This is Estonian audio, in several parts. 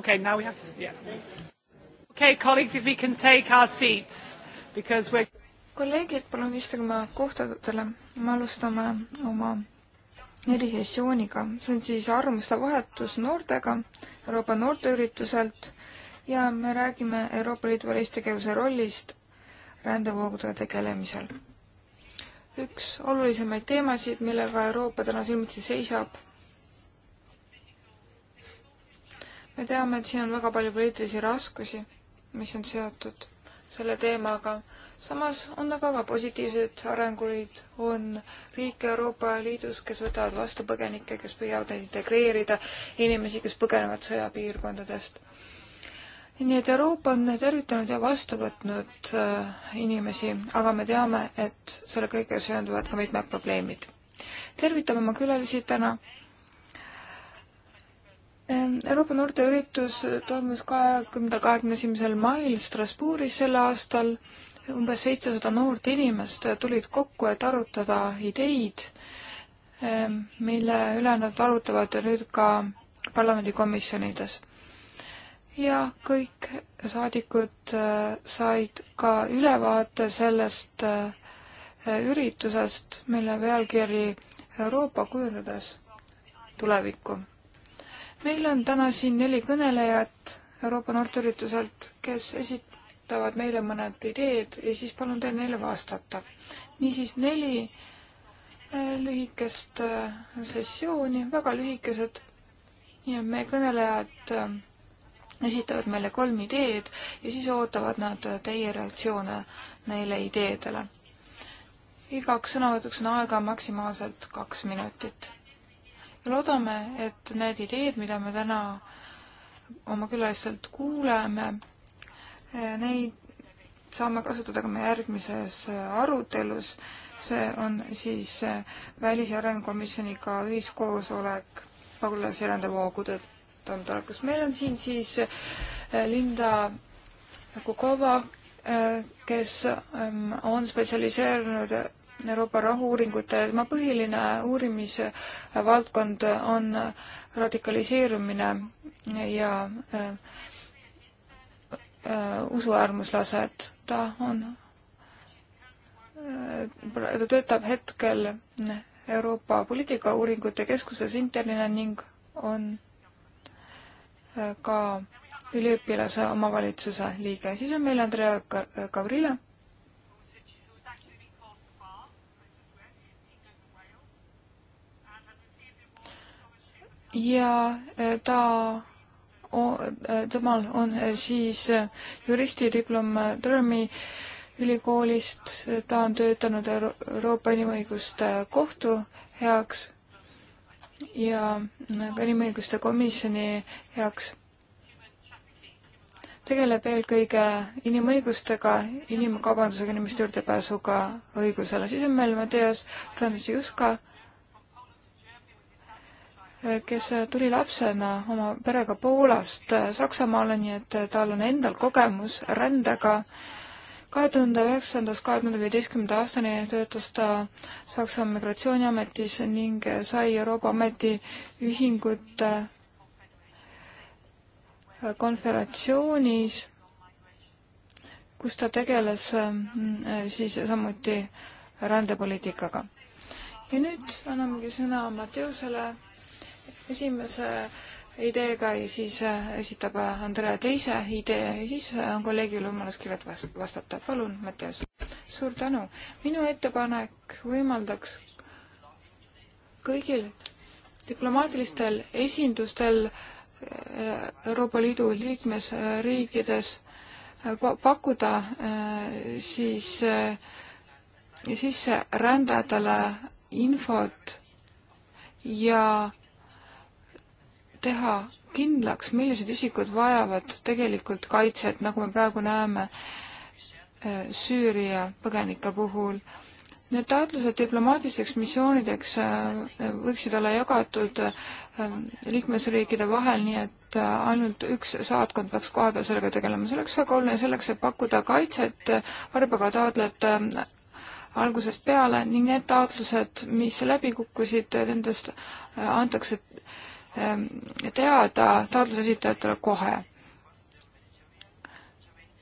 Okay, now we have to. Yeah. Okay, colleagues, if we can take our seats because we're. kolleegid, palun istuge oma kohtadele. me alustame oma erisessiooniga, see on siis arvamuste vahetus noortega Euroopa noorteürituselt ja me räägime Euroopa Liidu välistegevuse rollist rändevoogudega tegelemisel. üks olulisemaid teemasid, millega Euroopa täna silmitsi seisab me teame, et siin on väga palju poliitilisi raskusi, mis on seotud selle teemaga. samas on aga ka positiivseid arenguid, on riike Euroopa Liidus, kes võtavad vastu põgenikke, kes püüavad neid integreerida, inimesi, kes põgenevad sõjapiirkondadest. nii et Euroopa on tervitanud ja vastu võtnud äh, inimesi, aga me teame, et selle kõigega seonduvad ka mitmed probleemid. tervitame oma külalisi täna Ehm, Euroopa noorteüritus toimus kahekümnendal, kahekümne esimesel mail Strasbourgis sel aastal. umbes seitsesada noort inimest tulid kokku, et arutada ideid, ehm, mille üle nad arutavad nüüd ka parlamendikomisjonides. ja kõik saadikud eh, said ka ülevaate sellest eh, üritusest, mille pealkiri Euroopa kujundades tulevikku meil on täna siin neli kõnelejat Euroopa noorteürituselt, kes esitavad meile mõned ideed ja siis palun teil neile vastata. niisiis neli äh, lühikest äh, sessiooni, väga lühikesed ja meie kõnelejad äh, esitavad meile kolm ideed ja siis ootavad nad teie reaktsioone neile ideedele. igaks sõnavõtuks on aega maksimaalselt kaks minutit loodame, et need ideed, mida me täna oma külalistelt kuuleme, eh, neid saame kasutada ka meie järgmises eh, arutelus. see on siis eh, Välis- ja Arengukomisjoniga ühiskoosolek pagulasi rändevoogude toimetulekust. meil on siin siis Linda Kukova, kes mm, on spetsialiseerunud Euroopa rahu-uuringutele, tema põhiline uurimisvaldkond on radikaliseerumine ja äh, äh, usuäärmuslased, ta on äh,, ta töötab hetkel Euroopa poliitikauuringute keskuses internina ning on äh, ka üliõpilase omavalitsuse liige. siis on meil Andrea Gavrile ja e, ta e, temal on e, siis juristidiplom Durhami ülikoolist, ta on töötanud Euro Euroopa Inimõiguste Kohtu heaks ja ka Inimõiguste Komisjoni heaks. tegeleb eelkõige inimõigustega, inimkaubandusega, inimeste juurdepääsuga õigusele. siis on meil Mattias Franz Juska, kes tuli lapsena oma perega Poolast Saksamaale, nii et tal on endal kogemus rändega. kahe tuhande üheksandast kahe tuhande viieteistkümnenda aastani töötas ta Saksa migratsiooniametis ning sai Euroopa Ametiühingute konverentatsioonis, kus ta tegeles mm, siis samuti rändepoliitikaga. ja nüüd annamegi sõna Matteusele esimese ideega ja siis äh, esitab äh, Andrea teise idee ja siis äh, on kolleegil võimalus kirjalt vastata. palun, Mattias. suur tänu. minu ettepanek võimaldaks kõigil diplomaatilistel esindustel Euroopa Liidu liikmesriikides pakkuda siis sisserändajatele infot ja teha kindlaks, millised isikud vajavad tegelikult kaitset, nagu me praegu näeme eh, Süüria põgenike puhul. Need taotlused diplomaatilisteks missioonideks eh, võiksid olla jagatud eh, liikmesriikide vahel, nii et ainult üks saatkond peaks kohapeal sellega tegelema. see oleks väga oluline selleks, et pakkuda kaitset varbaga taotlejate algusest peale ning need taotlused, mis läbi kukkusid, nendest antakse Ähm, teada taotluse esitajatele kohe.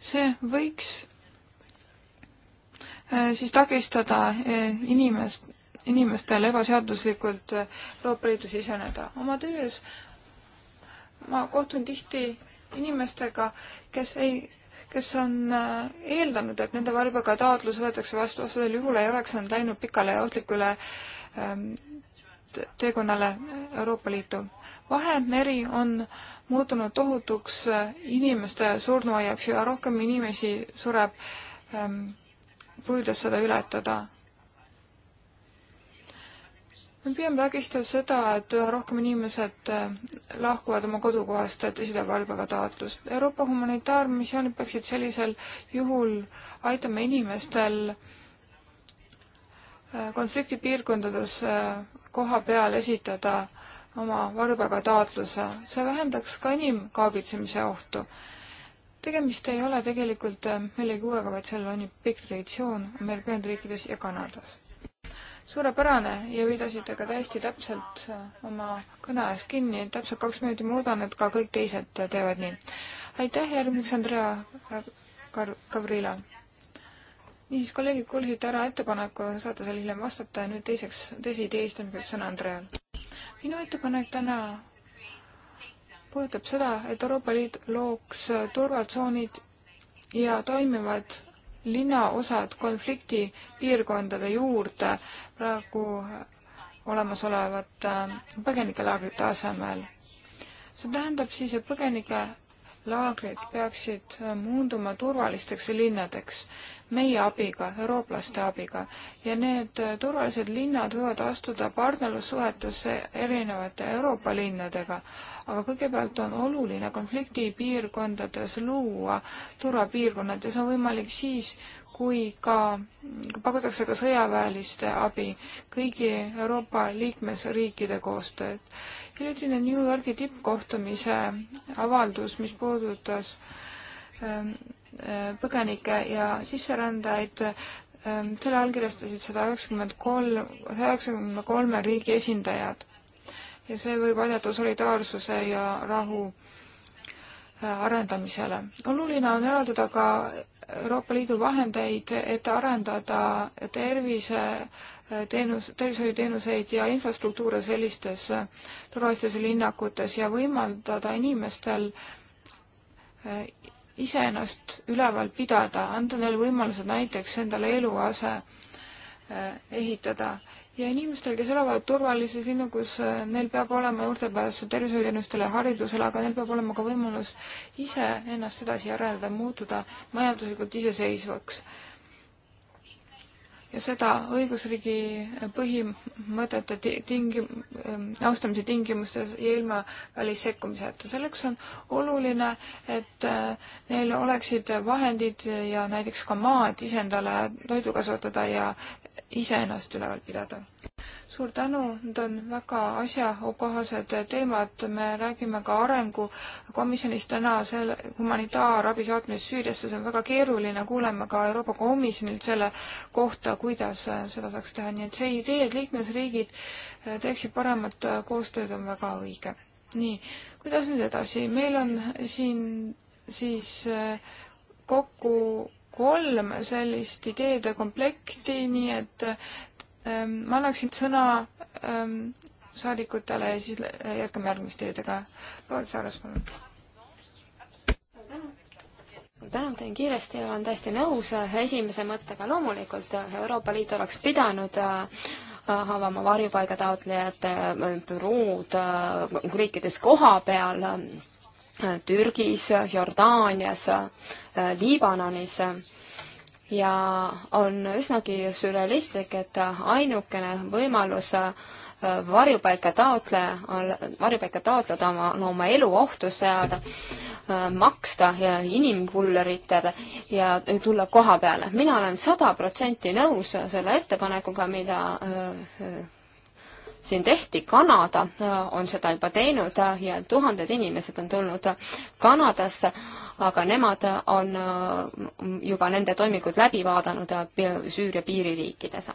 see võiks äh, siis takistada äh, inimest, inimestel ebaseaduslikult äh, Euroopa Liidu siseneda. oma töös ma kohtun tihti inimestega, kes ei, kes on eeldanud, et nende varjupaigataotlus võetakse vastu, vastasel juhul ei oleks nad läinud pikale ja ohtlikule ähm, teekonnale Euroopa Liitu. Vahemeri on muutunud tohutuks inimeste surnuaiaks ja rohkem inimesi sureb, ähm, püüdes seda ületada. me püüame takistada seda, et üha rohkem inimesed äh, lahkuvad oma kodukohast, et esitab valvega taotlust. Euroopa humanitaarmissioonid peaksid sellisel juhul aitama inimestel äh, konfliktipiirkondades äh, koha peal esitada oma varbaga taotluse, see vähendaks ka inimkaabitsemise ohtu. tegemist ei ole tegelikult äh, millegi uuega, vaid sellel on ju pikk traditsioon Ameerika Ühendriikides ja Kanadas. suurepärane ja pidasite ka täiesti täpselt äh, oma kõne ees kinni, täpselt kaks minutit, ma loodan, et ka kõik teised äh, teevad nii. aitäh, järgmiseks Andrea Gavrila niisiis, kolleegid, kuulsite ära ettepaneku, saate seal hiljem vastata ja nüüd teiseks, teise idee istumiseks sõna Andreal. minu ettepanek täna puudutab seda, et Euroopa Liit looks turvatsoonid ja toimivad linnaosad konfliktipiirkondade juurde praegu olemasolevate põgenikelaagrite asemel. see tähendab siis, et põgenikelaagrid peaksid muunduma turvalisteks linnadeks meie abiga, eurooplaste abiga. ja need äh, turvalised linnad võivad astuda partnerlussuhetesse erinevate Euroopa linnadega, aga kõigepealt on oluline konfliktipiirkondades luua turvapiirkonnad ja see on võimalik siis, kui ka pakutakse ka sõjaväeliste abi, kõigi Euroopa liikmesriikide koostööd. hiljutine New Yorgi tippkohtumise avaldus, mis puudutas ähm, Äh, põgenikke ja sisserändajaid. Ähm, selle allkirjastasid sada üheksakümmend kolm, saja üheksakümne kolme riigi esindajad ja see võib aidata solidaarsuse ja rahu äh, arendamisele. oluline on eraldada ka Euroopa Liidu vahendeid, et arendada tervise äh, teenus, tervishoiuteenuseid ja infrastruktuure sellistes turvalistes linnakutes ja võimaldada inimestel iseennast üleval pidada, anda neile võimalused näiteks endale eluase eh, ehitada ja inimestel, kes elavad turvalises linnukus, eh, neil peab olema juurdepääs tervishoiuteenustele ja haridusele, aga neil peab olema ka võimalus ise ennast edasi arendada, muutuda majanduslikult iseseisvaks ja seda õigusriigi põhimõtete tingi-, ähm, austamise tingimustes ja ilma välissekkumiseta. selleks on oluline, et äh, neil oleksid vahendid ja näiteks ka maad ise endale toidu kasvatada ja iseennast üleval pidada suur tänu, need on väga asjakohased teemad, me räägime ka arengukomisjonis täna selle humanitaarabi saatmist Süüriasse, see on väga keeruline, kuuleme ka Euroopa Komisjonilt selle kohta, kuidas seda saaks teha, nii et see idee, et liikmesriigid teeksid paremat koostööd, on väga õige. nii, kuidas nüüd edasi, meil on siin siis eh, kokku kolm sellist ideede komplekti, nii et Ehm, ma annaksin sõna ehm, saadikutele ja siis eh, jätkame järgmiste teedega. Loet Saaras, palun. suur tänu, teen kiiresti ja olen täiesti nõus eh, esimese mõttega. loomulikult eh, Euroopa Liit oleks pidanud avama varjupaigataotlejate bürood riikides koha peal, Türgis, Jordaanias, Liibanonis ja on üsnagi sürrealistlik, et ainukene võimalus äh, varjupaika taotleja, varjupaika taotlejad oma, on oma elu ohtu seada, äh, maksta inimkulleritele ja tulla koha peale. mina olen sada protsenti nõus selle ettepanekuga, mida äh, siin tehti, Kanada äh, on seda juba teinud äh, ja tuhanded inimesed on tulnud äh, Kanadasse, aga nemad on juba nende toimingud läbi vaadanud Süüria piiririikides.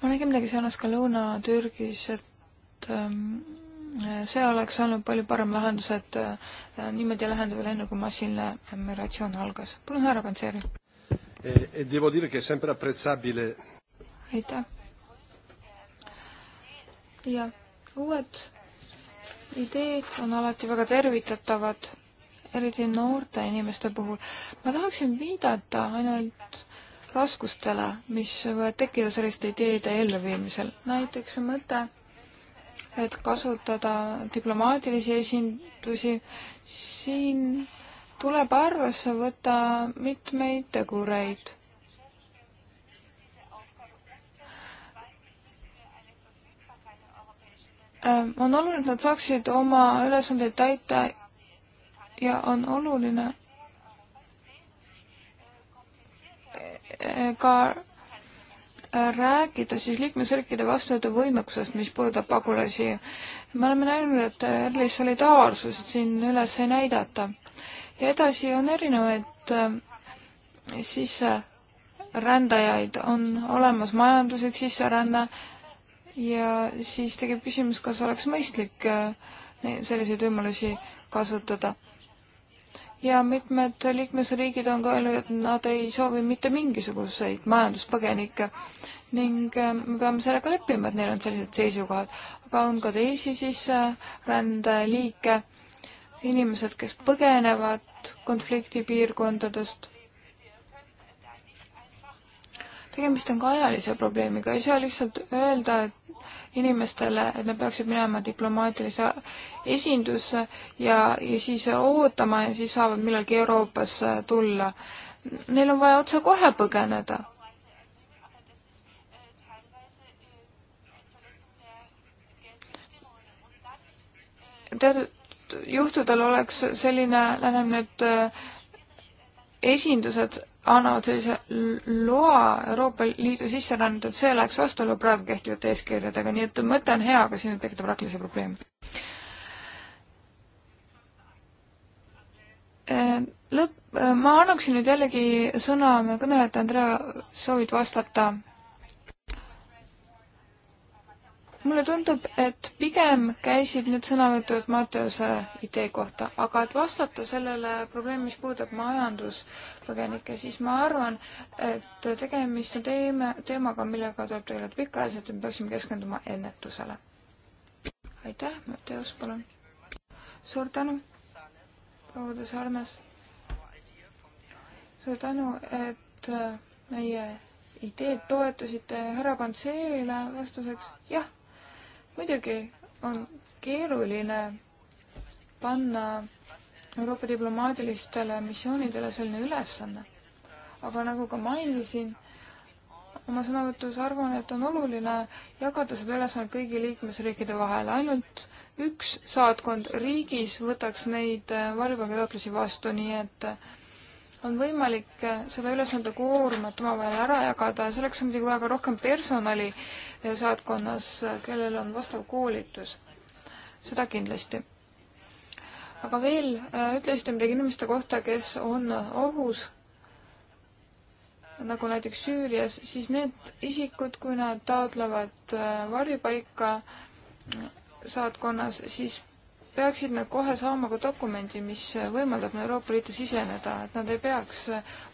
ma nägin midagi sarnast ka Lõuna-Türgis, et ähm, see oleks olnud palju parem lahendus, et niimoodi lahendada veel enne, kui massiline migratsioon algas. palun härra Panseri E, e devo dire che è sempre apprezzabile. aitäh. jah, uued ideed on alati väga tervitatavad, eriti noorte inimeste puhul. ma tahaksin viidata ainult raskustele, mis võivad tekkida selliste ideede elluviimisel. näiteks mõte, et kasutada diplomaatilisi esindusi, siin tuleb arvesse võtta mitmeid tegureid. Ähm, on oluline, et nad saaksid oma ülesandeid täita ja on oluline äh, ka äh, rääkida siis liikmesriikide vastuvõtuvõimekusest, mis puudutab pagulasi. me oleme näinud, et erilist solidaarsust siin üles ei näidata ja edasi on erinevaid äh, sisserändajaid, on olemas majanduslik sisseränne ja siis tekib küsimus, kas oleks mõistlik äh, selliseid võimalusi kasutada. ja mitmed liikmesriigid on ka öelnud, et nad ei soovi mitte mingisuguseid majanduspõgenikke ning äh, me peame sellega leppima, et neil on sellised seisukohad. aga on ka teisi sisserändeliike, inimesed, kes põgenevad pärit konfliktipiirkondadest. tegemist on ka ajalise probleemiga, ei saa lihtsalt öelda inimestele, et nad peaksid minema diplomaatilise esindusse ja, ja siis ootama ja siis saavad millalgi Euroopasse tulla. Neil on vaja otsekohe põgeneda teatud juhtudel oleks selline lähenemine, et äh, esindused annavad sellise loa Euroopa Liidu sisserännet, et see läheks vastuollu praegu kehtivate eeskirjadega, nii et mõte on hea, aga siin tekitab praktilisi probleeme. Äh, lõpp, äh, ma annaksin nüüd jällegi sõna, me kõnelejate Andrea, soovid vastata mulle tundub, et pigem käisid need sõnavõtud Matteuse idee kohta, aga et vastata sellele probleemile, mis puudutab majanduspõgenikke, siis ma arvan, et tegemist on teeme, teemaga, millega tuleb tegeleda pikaajaliselt ja me peaksime keskenduma ennetusele. aitäh, Matteus, palun. suur tänu, proua de Sarnas. suur tänu, et meie ideed toetasite härra Pantseerile vastuseks jah muidugi on keeruline panna Euroopa diplomaatilistele missioonidele selline ülesanne. aga nagu ka mainisin, oma sõnavõtus arvan, et on oluline jagada seda ülesannet kõigi liikmesriikide vahel. ainult üks saatkond riigis võtaks neid varjupaigataotlusi vastu, nii et on võimalik seda ülesande koormat omavahel ära jagada ja selleks on muidugi vaja ka rohkem personali saatkonnas, kellel on vastav koolitus. seda kindlasti. aga veel äh, ütlesite midagi inimeste kohta, kes on ohus, nagu näiteks Süürias, siis need isikud, kui nad taotlevad äh, varjupaika äh, saatkonnas, siis peaksid nad kohe saama ka dokumendi, mis võimaldab neil Euroopa Liitu siseneda, et nad ei peaks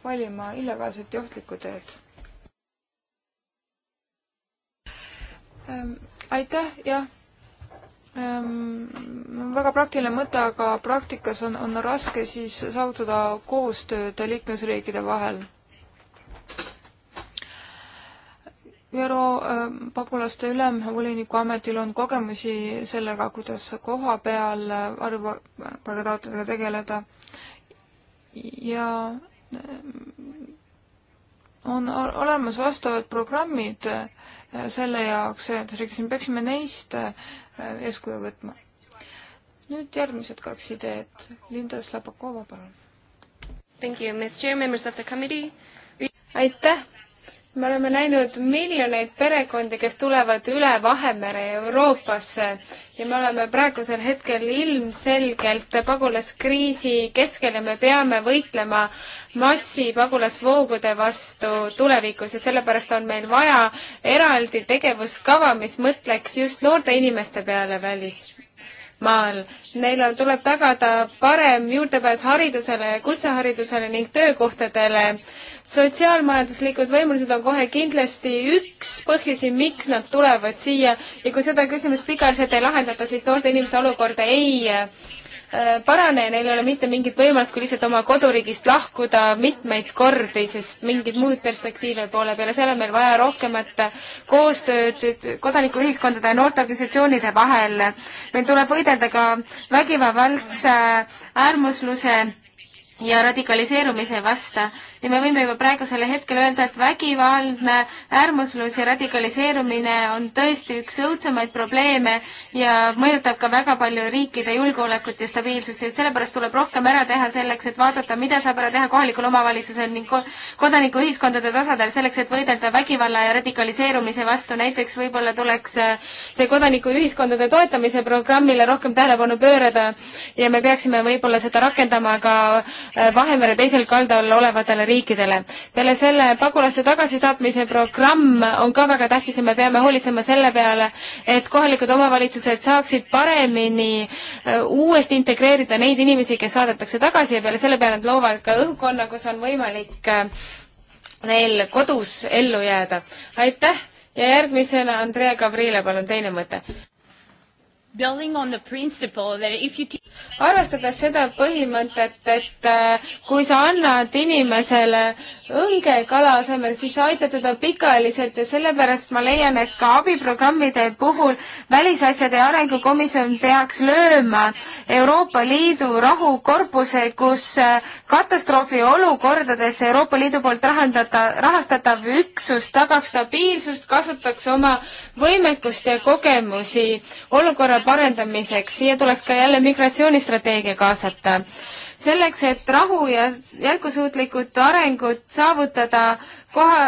valima illegaalset ja ohtlikku teed. Ehm, aitäh, jah. Ehm, väga praktiline mõte, aga praktikas on, on raske siis saavutada koostööd liikmesriikide vahel. ÜRO ehm, pagulaste ülemvoliniku ametil on kogemusi sellega, kuidas koha peal arvupagataotlejatega tegeleda ja on olemas vastavad programmid selle jaoks, et me peaksime neist äh, eeskuju võtma. nüüd järgmised kaks ideed. Linda Slabakova, palun. aitäh, me oleme näinud miljoneid perekondi, kes tulevad üle Vahemere Euroopasse ja me oleme praegusel hetkel ilmselgelt pagulaskriisi keskel ja me peame võitlema massipagulasvoogude vastu tulevikus ja sellepärast on meil vaja eraldi tegevuskava, mis mõtleks just noorte inimeste peale välis maal. Neil on, tuleb tagada parem juurdepääs haridusele ja kutseharidusele ning töökohtadele äh, sotsiaalmajanduslikud võimalused on kohe kindlasti üks põhjusi, miks nad tulevad siia ja kui seda küsimust pikaajaliselt ei lahendata, siis noorte inimeste olukorda ei äh, parane ja neil ei ole mitte mingit võimalust, kui lihtsalt oma koduriigist lahkuda mitmeid kordi, sest mingeid muud perspektiive poole peale, seal on meil vaja rohkemat koostööd kodanikuühiskondade ja noorteorganisatsioonide vahel. meil tuleb võidelda ka vägivavaldse äärmusluse ja radikaliseerumise vastu ja me võime juba praegusel hetkel öelda, et vägivaldne äärmuslus ja radikaliseerumine on tõesti üks õudsemaid probleeme ja mõjutab ka väga palju riikide julgeolekut ja stabiilsust ja sellepärast tuleb rohkem ära teha selleks, et vaadata, mida saab ära teha kohalikul omavalitsusel ning kodanikuühiskondade tasandil selleks, et võidelda vägivalla ja radikaliseerumise vastu. näiteks võib-olla tuleks äh, see kodanikuühiskondade toetamise programmile rohkem tähelepanu pöörada ja me peaksime võib-olla seda rakendama ka äh, Vahemere teisel kaldal olevatele riikidele riikidele. peale selle pagulaste tagasisaatmise programm on ka väga tähtis ja me peame hoolitsema selle peale, et kohalikud omavalitsused saaksid paremini äh, uuesti integreerida neid inimesi, kes saadetakse tagasi ja peale selle peale nad loovad ka õhkkonna, kus on võimalik äh, neil kodus ellu jääda. aitäh ja järgmisena Andrea Gavrile, palun teine mõte arvestades seda põhimõtet, et äh, kui sa annad inimesele õnge kala asemel, siis sa aitad teda pikaajaliselt ja sellepärast ma leian, et ka abiprogrammide puhul Välisasjade Arengukomisjon peaks lööma Euroopa Liidu rahukorpuse, kus äh, katastroofiolukordades Euroopa Liidu poolt rahandata, rahastatav üksus tagaks stabiilsust, kasutaks oma võimekust ja kogemusi olukorra parendamiseks, siia tuleks ka jälle migratsioonistrateegia kaasata. selleks, et rahu ja jätkusuutlikud arengud saavutada koha,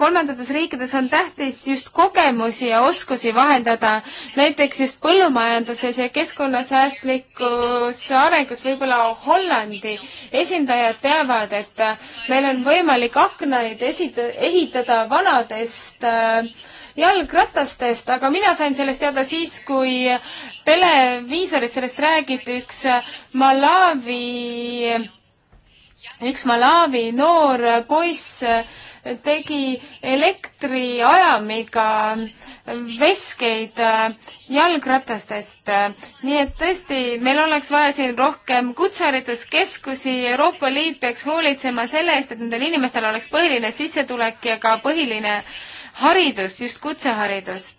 kolmandates riikides on tähtis just kogemusi ja oskusi vahendada, näiteks just põllumajanduses ja keskkonnasäästlikus arengus võib-olla Hollandi esindajad teavad, et meil on võimalik aknaid esit-, ehitada vanadest äh, jalgratastest, aga mina sain sellest teada siis, kui televiisoris sellest räägiti üks Malawi, üks Malawi noor poiss tegi elektriajamiga veskeid jalgratastest. nii et tõesti, meil oleks vaja siin rohkem kutsehariduskeskusi, Euroopa Liit peaks hoolitsema selle eest, et nendel inimestel oleks põhiline sissetulek ja ka põhiline äh, haridus, just kutseharidus.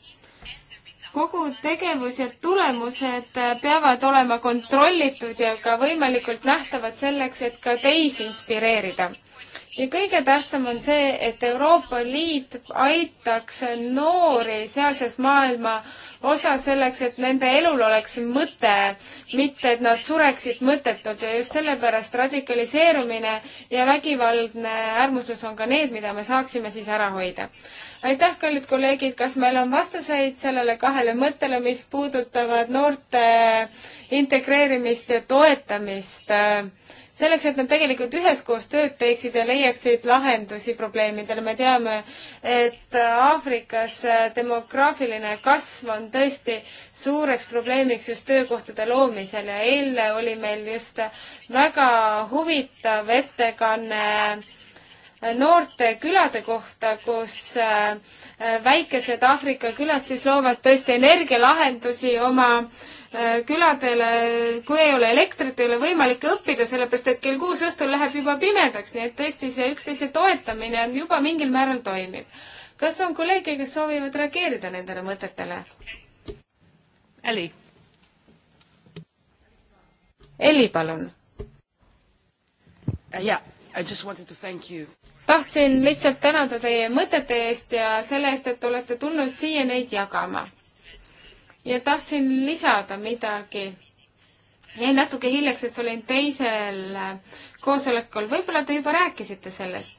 kogu tegevus ja tulemused peavad olema kontrollitud ja ka võimalikult nähtavad selleks, et ka teisi inspireerida ja kõige tähtsam on see, et Euroopa Liit aitaks noori sealses maailma osas selleks, et nende elul oleks mõte, mitte et nad sureksid mõttetult ja just sellepärast radikaliseerumine ja vägivaldne äärmuslus on ka need, mida me saaksime siis ära hoida. aitäh, kallid kolleegid, kas meil on vastuseid sellele kahele mõttele, mis puudutavad noorte integreerimist ja toetamist äh, selleks, et nad tegelikult üheskoos tööd teeksid ja leiaksid lahendusi probleemidele. me teame, et Aafrikas demograafiline kasv on tõesti suureks probleemiks just töökohtade loomisel ja eile oli meil just väga huvitav ettekanne noorte külade kohta, kus äh, väikesed Aafrika külad siis loovad tõesti energialahendusi oma äh, küladele, kui ei ole elektrit, ei ole võimalik õppida, sellepärast et kell kuus õhtul läheb juba pimedaks, nii et tõesti see üksteise toetamine on juba mingil määral toimib. kas on kolleege, kes soovivad reageerida nendele mõtetele? Eli. Eli, palun. jaa, uh, I just wanted to thank you tahtsin lihtsalt tänada teie mõtete eest ja selle eest, et olete tulnud siia neid jagama. ja tahtsin lisada midagi. jäin natuke hiljaks, sest olin teisel koosolekul, võib-olla te juba rääkisite sellest.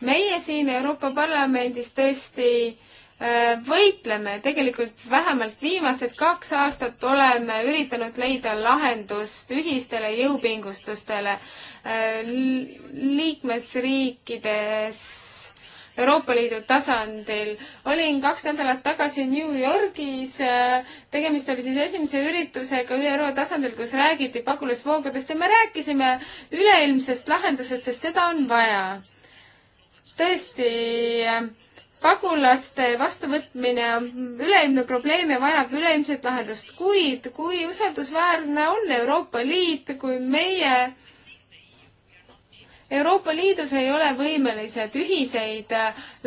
meie siin Euroopa Parlamendis tõesti Äh, võitleme, tegelikult vähemalt viimased kaks aastat oleme üritanud leida lahendust ühistele jõupingustustele äh, liikmesriikides Euroopa Liidu tasandil. olin kaks nädalat tagasi New Yorgis, äh, tegemist oli siis esimese üritusega ÜRO tasandil, kus räägiti pagulasvoogudest ja me rääkisime üleilmsest lahendusest, sest seda on vaja. tõesti pagulaste vastuvõtmine on üleilmne probleem ja vajab üleilmset lahendust, kuid kui usaldusväärne on Euroopa Liit, kui meie Euroopa Liidus ei ole võimelised ühiseid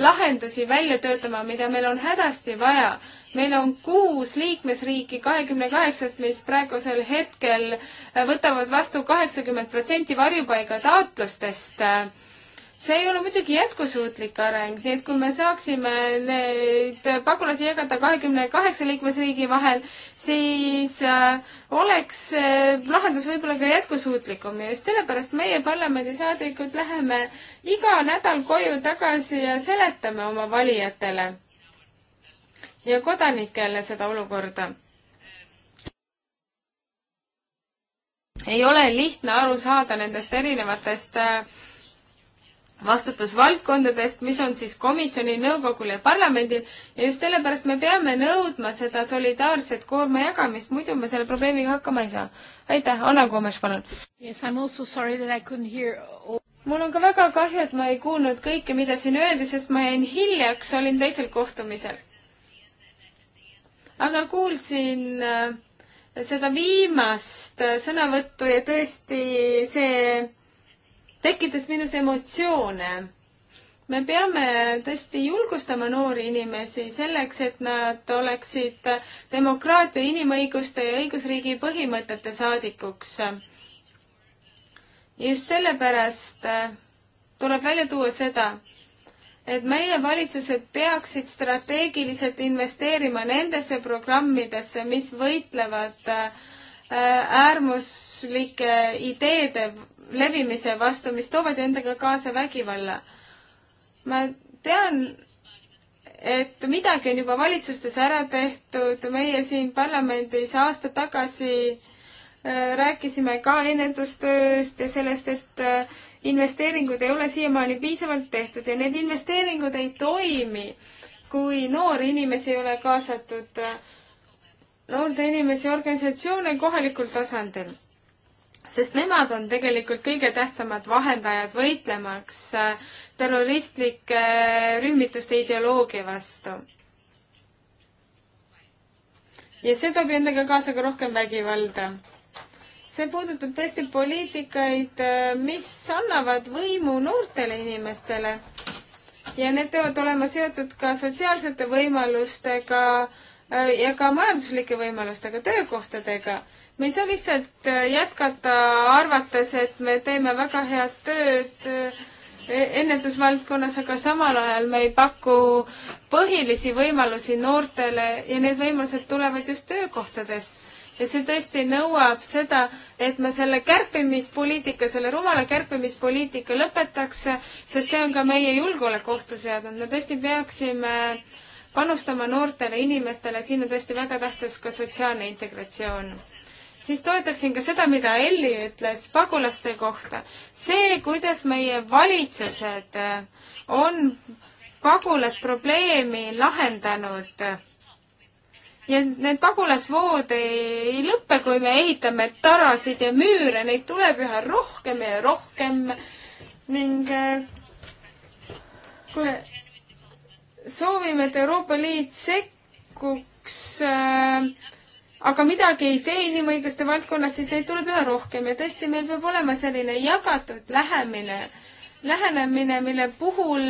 lahendusi välja töötama, mida meil on hädasti vaja. meil on kuus liikmesriiki kahekümne kaheksast, mis praegusel hetkel võtavad vastu kaheksakümmend protsenti varjupaigataotlustest see ei ole muidugi jätkusuutlik areng, nii et kui me saaksime neid pagulasi jagada kahekümne kaheksa liikmesriigi vahel, siis äh, oleks lahendus võib-olla ka jätkusuutlikum ja just sellepärast meie parlamendisaadikud läheme iga nädal koju tagasi ja seletame oma valijatele ja kodanikele seda olukorda ei ole lihtne aru saada nendest erinevatest äh, vastutusvaldkondadest, mis on siis komisjonil, nõukogul ja parlamendil ja just sellepärast me peame nõudma seda solidaarset koorma jagamist, muidu me selle probleemiga hakkama ei saa. aitäh, Anna Koomes, palun yes,! mul on ka väga kahju, et ma ei kuulnud kõike, mida siin öeldi, sest ma jäin hiljaks, olin teisel kohtumisel. aga kuulsin äh, seda viimast äh, sõnavõttu ja tõesti see tekitas minus emotsioone. me peame tõesti julgustama noori inimesi selleks, et nad oleksid demokraatia, inimõiguste ja õigusriigi põhimõtete saadikuks. just sellepärast äh, tuleb välja tuua seda, et meie valitsused peaksid strateegiliselt investeerima nendesse programmidesse, mis võitlevad äh, äärmuslike ideede levimise vastu, mis toovad endaga kaasa vägivalla. ma tean, et midagi on juba valitsustes ära tehtud, meie siin parlamendis aasta tagasi äh, rääkisime ka ennetustööst ja sellest, et äh, investeeringud ei ole siiamaani piisavalt tehtud ja need investeeringud ei toimi, kui noori inimesi ei ole kaasatud, äh, noorte inimesi, organisatsioone kohalikul tasandil sest nemad on tegelikult kõige tähtsamad vahendajad võitlemaks äh, terroristlike äh, rühmituste ideoloogia vastu. ja see toob endaga kaasa ka rohkem vägivalda. see puudutab tõesti poliitikaid, äh, mis annavad võimu noortele inimestele ja need peavad olema seotud ka sotsiaalsete võimalustega ja ka majanduslike võimalustega, töökohtadega me ei saa lihtsalt äh, jätkata arvates, et me teeme väga head tööd äh, e-, ennetusvaldkonnas, aga samal ajal me ei paku põhilisi võimalusi noortele ja need võimalused tulevad just töökohtadest. ja see tõesti nõuab seda, et me selle kärpimispoliitika, selle rumala kärpimispoliitika lõpetaks, sest see on ka meie julgeoleku ohtu seadnud. me tõesti peaksime panustama noortele inimestele, siin on tõesti väga tähtis ka sotsiaalne integratsioon siis toetaksin ka seda, mida Elli ütles pagulaste kohta. see, kuidas meie valitsused äh, on pagulasprobleemi lahendanud ja need pagulasvood ei lõppe, kui me ehitame tarasid ja müüre, neid tuleb üha rohkem ja rohkem ning äh, kui me soovime, et Euroopa Liit sekkuks äh, aga midagi ei tee inimõiguste valdkonnas, siis neid tuleb üha rohkem ja tõesti, meil peab olema selline jagatud lähemine, lähenemine, mille puhul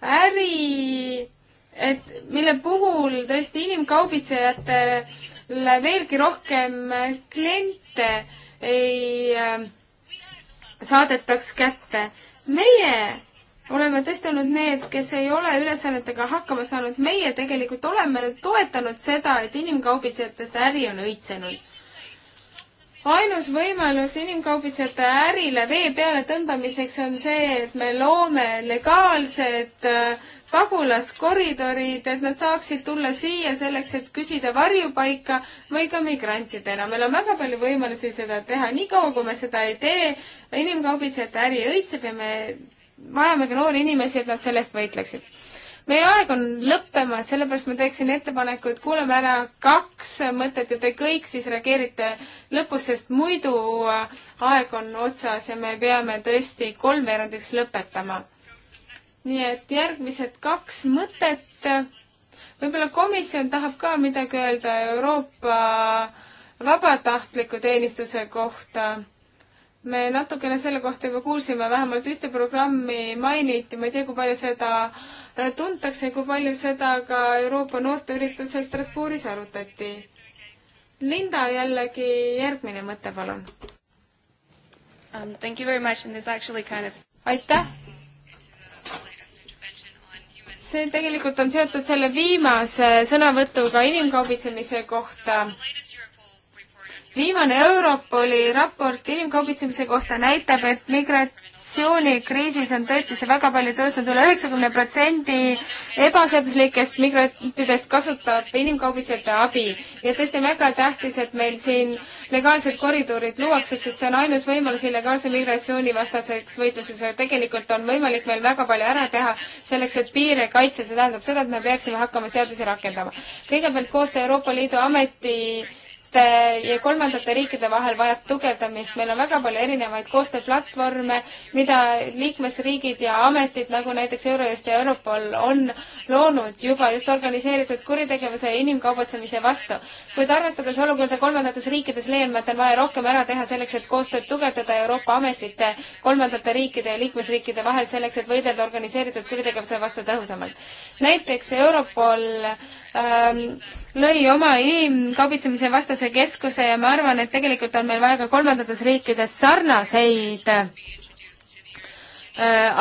äri, et mille puhul tõesti inimkaubitsejatele veelgi rohkem kliente ei äh, saadetaks kätte. meie oleme tõesti olnud need, kes ei ole ülesannetega hakkama saanud. meie tegelikult oleme toetanud seda, et inimkaubitsejatest äri on õitsenud. ainus võimalus inimkaubitsejate ärile vee peale tõmbamiseks on see, et me loome legaalsed äh, pagulaskoridorid, et nad saaksid tulla siia selleks, et küsida varjupaika või ka migrantidena. meil on väga palju võimalusi seda teha, niikaua kui me seda ei tee, inimkaubitsejate äri õitseb ja me vajame ka noori inimesi, et nad selle eest võitleksid. meie aeg on lõppemas, sellepärast ma teeksin ettepaneku, et kuulame ära kaks mõtet ja te kõik siis reageerite lõpus, sest muidu aeg on otsas ja me peame tõesti kolmveerandiks lõpetama. nii et järgmised kaks mõtet. võib-olla komisjon tahab ka midagi öelda Euroopa vabatahtliku teenistuse kohta me natukene selle kohta juba kuulsime, vähemalt ühte programmi mainiti, ma ei tea, kui palju seda äh, tuntakse, kui palju seda ka Euroopa noorteüritusel Strasbourgis arutati. Linda jällegi järgmine mõte, palun um,. Thank you very much and this actually kind of aitäh! see tegelikult on seotud selle viimase sõnavõtuga inimkaubitsemise kohta viimane Europoli raport inimkaubitsemise kohta näitab, et migratsioonikriisis on tõesti see väga palju tõusnud üle, üle üheksakümne protsendi ebaseaduslikest migrantidest kasutab inimkaubitsejate abi. ja tõesti on väga tähtis, et meil siin legaalsed koridorid luuakse, sest see on ainus võimalus illegaalse migratsiooni vastaseks võitluses ja tegelikult on võimalik meil väga palju ära teha selleks, et piire kaitsta, see tähendab seda, et me peaksime hakkama seadusi rakendama. kõigepealt koostöö Euroopa Liidu ameti partnerluste ja kolmandate riikide vahel vajab tugevdamist. meil on väga palju erinevaid koostööplatvorme, mida liikmesriigid ja ametid, nagu näiteks Eurojust ja Europol, on loonud juba just organiseeritud kuritegevuse ja inimkaubitsemise vastu. kuid arvestades olukorda kolmandates riikides, leian ma, et on vaja rohkem ära teha selleks, et koostööd tugevdada Euroopa ametite, kolmandate riikide ja liikmesriikide vahel selleks, et võidelda organiseeritud kuritegevuse vastu tõhusamalt. näiteks Europol ähm, lõi oma inimkaubitsemise vastase keskuse ja ma arvan, et tegelikult on meil vaja ka kolmandates riikides sarnaseid äh,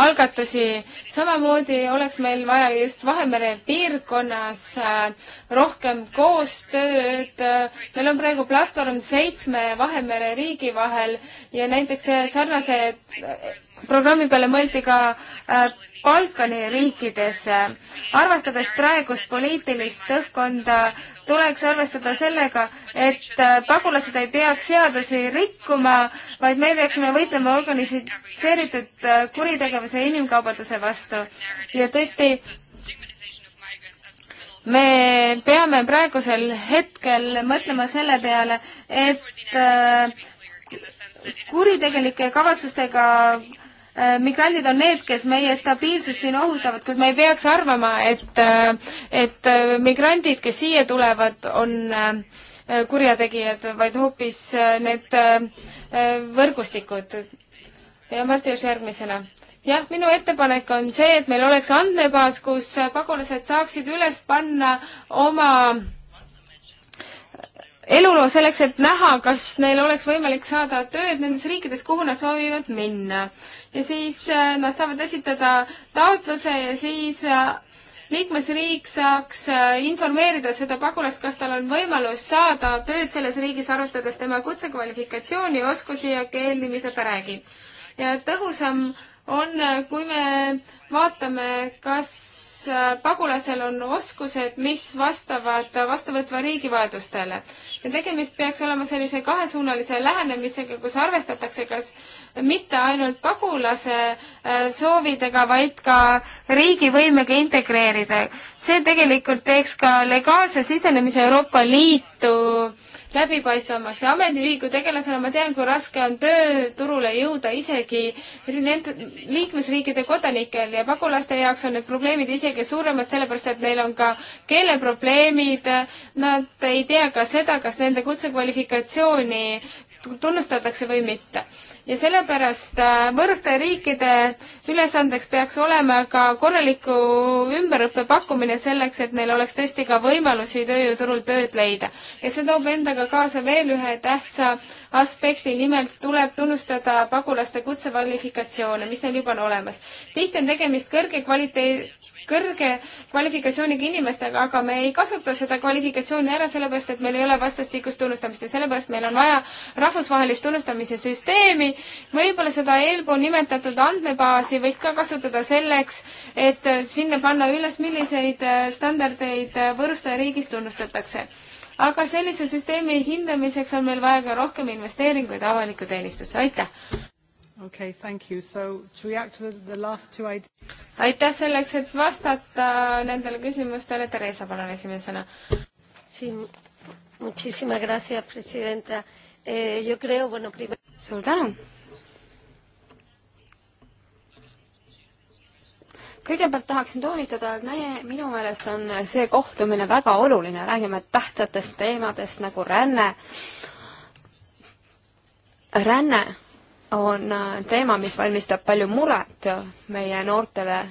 algatusi. samamoodi oleks meil vaja just Vahemere piirkonnas äh, rohkem koostööd äh,. meil on praegu platvorm seitsme Vahemere riigi vahel ja näiteks sarnased äh, programmi peale mõeldi ka äh, Balkani riikides. arvestades praegust poliitilist õhkkonda, tuleks arvestada sellega, et äh, pagulased ei peaks seadusi rikkuma, vaid me peaksime võitlema organiseeritud äh, kuritegevuse ja inimkaubanduse vastu. ja tõesti, me peame praegusel hetkel mõtlema selle peale, et kuritegelike kavatsustega äh, Äh, migrandid on need, kes meie stabiilsust siin ohustavad, kuid me ei peaks arvama, et, äh, et äh, migrandid, kes siia tulevad, on kurjategijad, vaid hoopis need võrgustikud. ja Mattias järgmisena. jah, minu ettepanek on see, et meil oleks andmebaas, kus pagulased saaksid üles panna oma eluloo selleks, et näha, kas neil oleks võimalik saada tööd nendes riikides, kuhu nad soovivad minna. ja siis äh, nad saavad esitada taotluse ja siis äh, liikmesriik saaks äh, informeerida seda pagulast, kas tal on võimalus saada tööd selles riigis, arvestades tema kutsekvalifikatsiooni, oskusi ja keeli, mida ta räägib. ja tõhusam on, kui me vaatame, kas pagulasel on oskused, mis vastavad vastuvõtva riigi vajadustele. ja tegemist peaks olema sellise kahesuunalise lähenemisega, kus arvestatakse kas mitte ainult pagulase äh, soovidega, vaid ka riigi võimega integreerida. see tegelikult teeks ka legaalse sisenemise Euroopa Liitu äh, läbipaistvamaks ja ametiühingu tegelasena ma tean, kui raske on tööturule jõuda isegi nende liikmesriikide kodanikel ja pagulaste jaoks on need probleemid isegi suuremad, sellepärast et neil on ka keeleprobleemid, nad ei tea ka seda, kas nende kutsekvalifikatsiooni tunnustatakse või mitte. ja sellepärast äh, võõrustajariikide ülesandeks peaks olema ka korraliku ümberõppe pakkumine selleks, et neil oleks tõesti ka võimalusi tööjõuturul tööd leida. ja see toob endaga kaasa veel ühe tähtsa aspekti, nimelt tuleb tunnustada pagulaste kutsekvalifikatsioone, mis neil juba on olemas. tihti on tegemist kõrge kvaliteet kõrge kvalifikatsiooniga inimestega, aga me ei kasuta seda kvalifikatsiooni ära, sellepärast et meil ei ole vastastikust tunnustamist ja sellepärast meil on vaja rahvusvahelist tunnustamise süsteemi. võib-olla seda eelpool nimetatud andmebaasi võiks ka kasutada selleks, et sinna panna üles, milliseid äh, standardeid äh, võõrustajariigis tunnustatakse aga sellise süsteemi hindamiseks on meil vaja ka rohkem investeeringuid avalikku teenistusse, aitäh! Okay, thank you. So to react to the last two ideas. aitäh selleks, et vastata nendele küsimustele. Theresa, palun esimesena. Eh, suur tänu. kõigepealt tahaksin toonitada, et meie, minu meelest on see kohtumine väga oluline, räägime tähtsatest teemadest nagu ränne. ränne on äh, teema, mis valmistab palju muret äh, meie noortele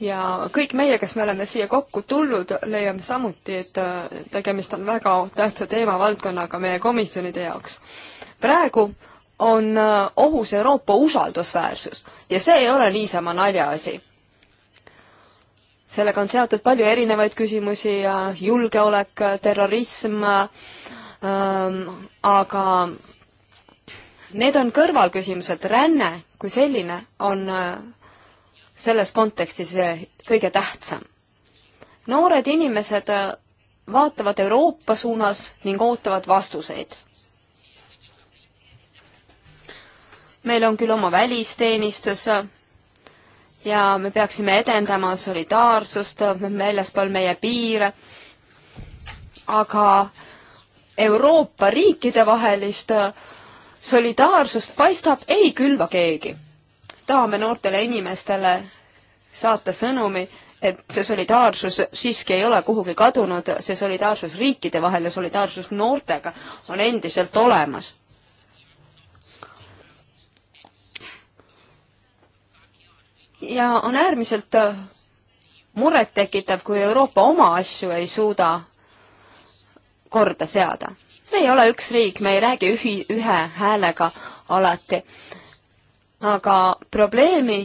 ja kõik meie, kes me oleme siia kokku tulnud, leiame samuti, et äh, tegemist on väga tähtsa teemavaldkonnaga meie komisjonide jaoks. praegu on ohus Euroopa usaldusväärsus ja see ei ole niisama naljaasi sellega on seotud palju erinevaid küsimusi ja julgeolek, terrorism ähm,, aga need on kõrvalküsimused, ränne kui selline on äh, selles kontekstis äh, kõige tähtsam. noored inimesed äh, vaatavad Euroopa suunas ning ootavad vastuseid. meil on küll oma välisteenistus ja me peaksime edendama solidaarsust väljaspool meie piire, aga Euroopa riikide vahelist äh, solidaarsust paistab, ei külva keegi. tahame noortele inimestele saata sõnumi, et see solidaarsus siiski ei ole kuhugi kadunud, see solidaarsus riikide vahel ja solidaarsus noortega on endiselt olemas. ja on äärmiselt murettekitav, kui Euroopa oma asju ei suuda korda seada me ei ole üks riik, me ei räägi ühi, ühe häälega alati. aga probleemi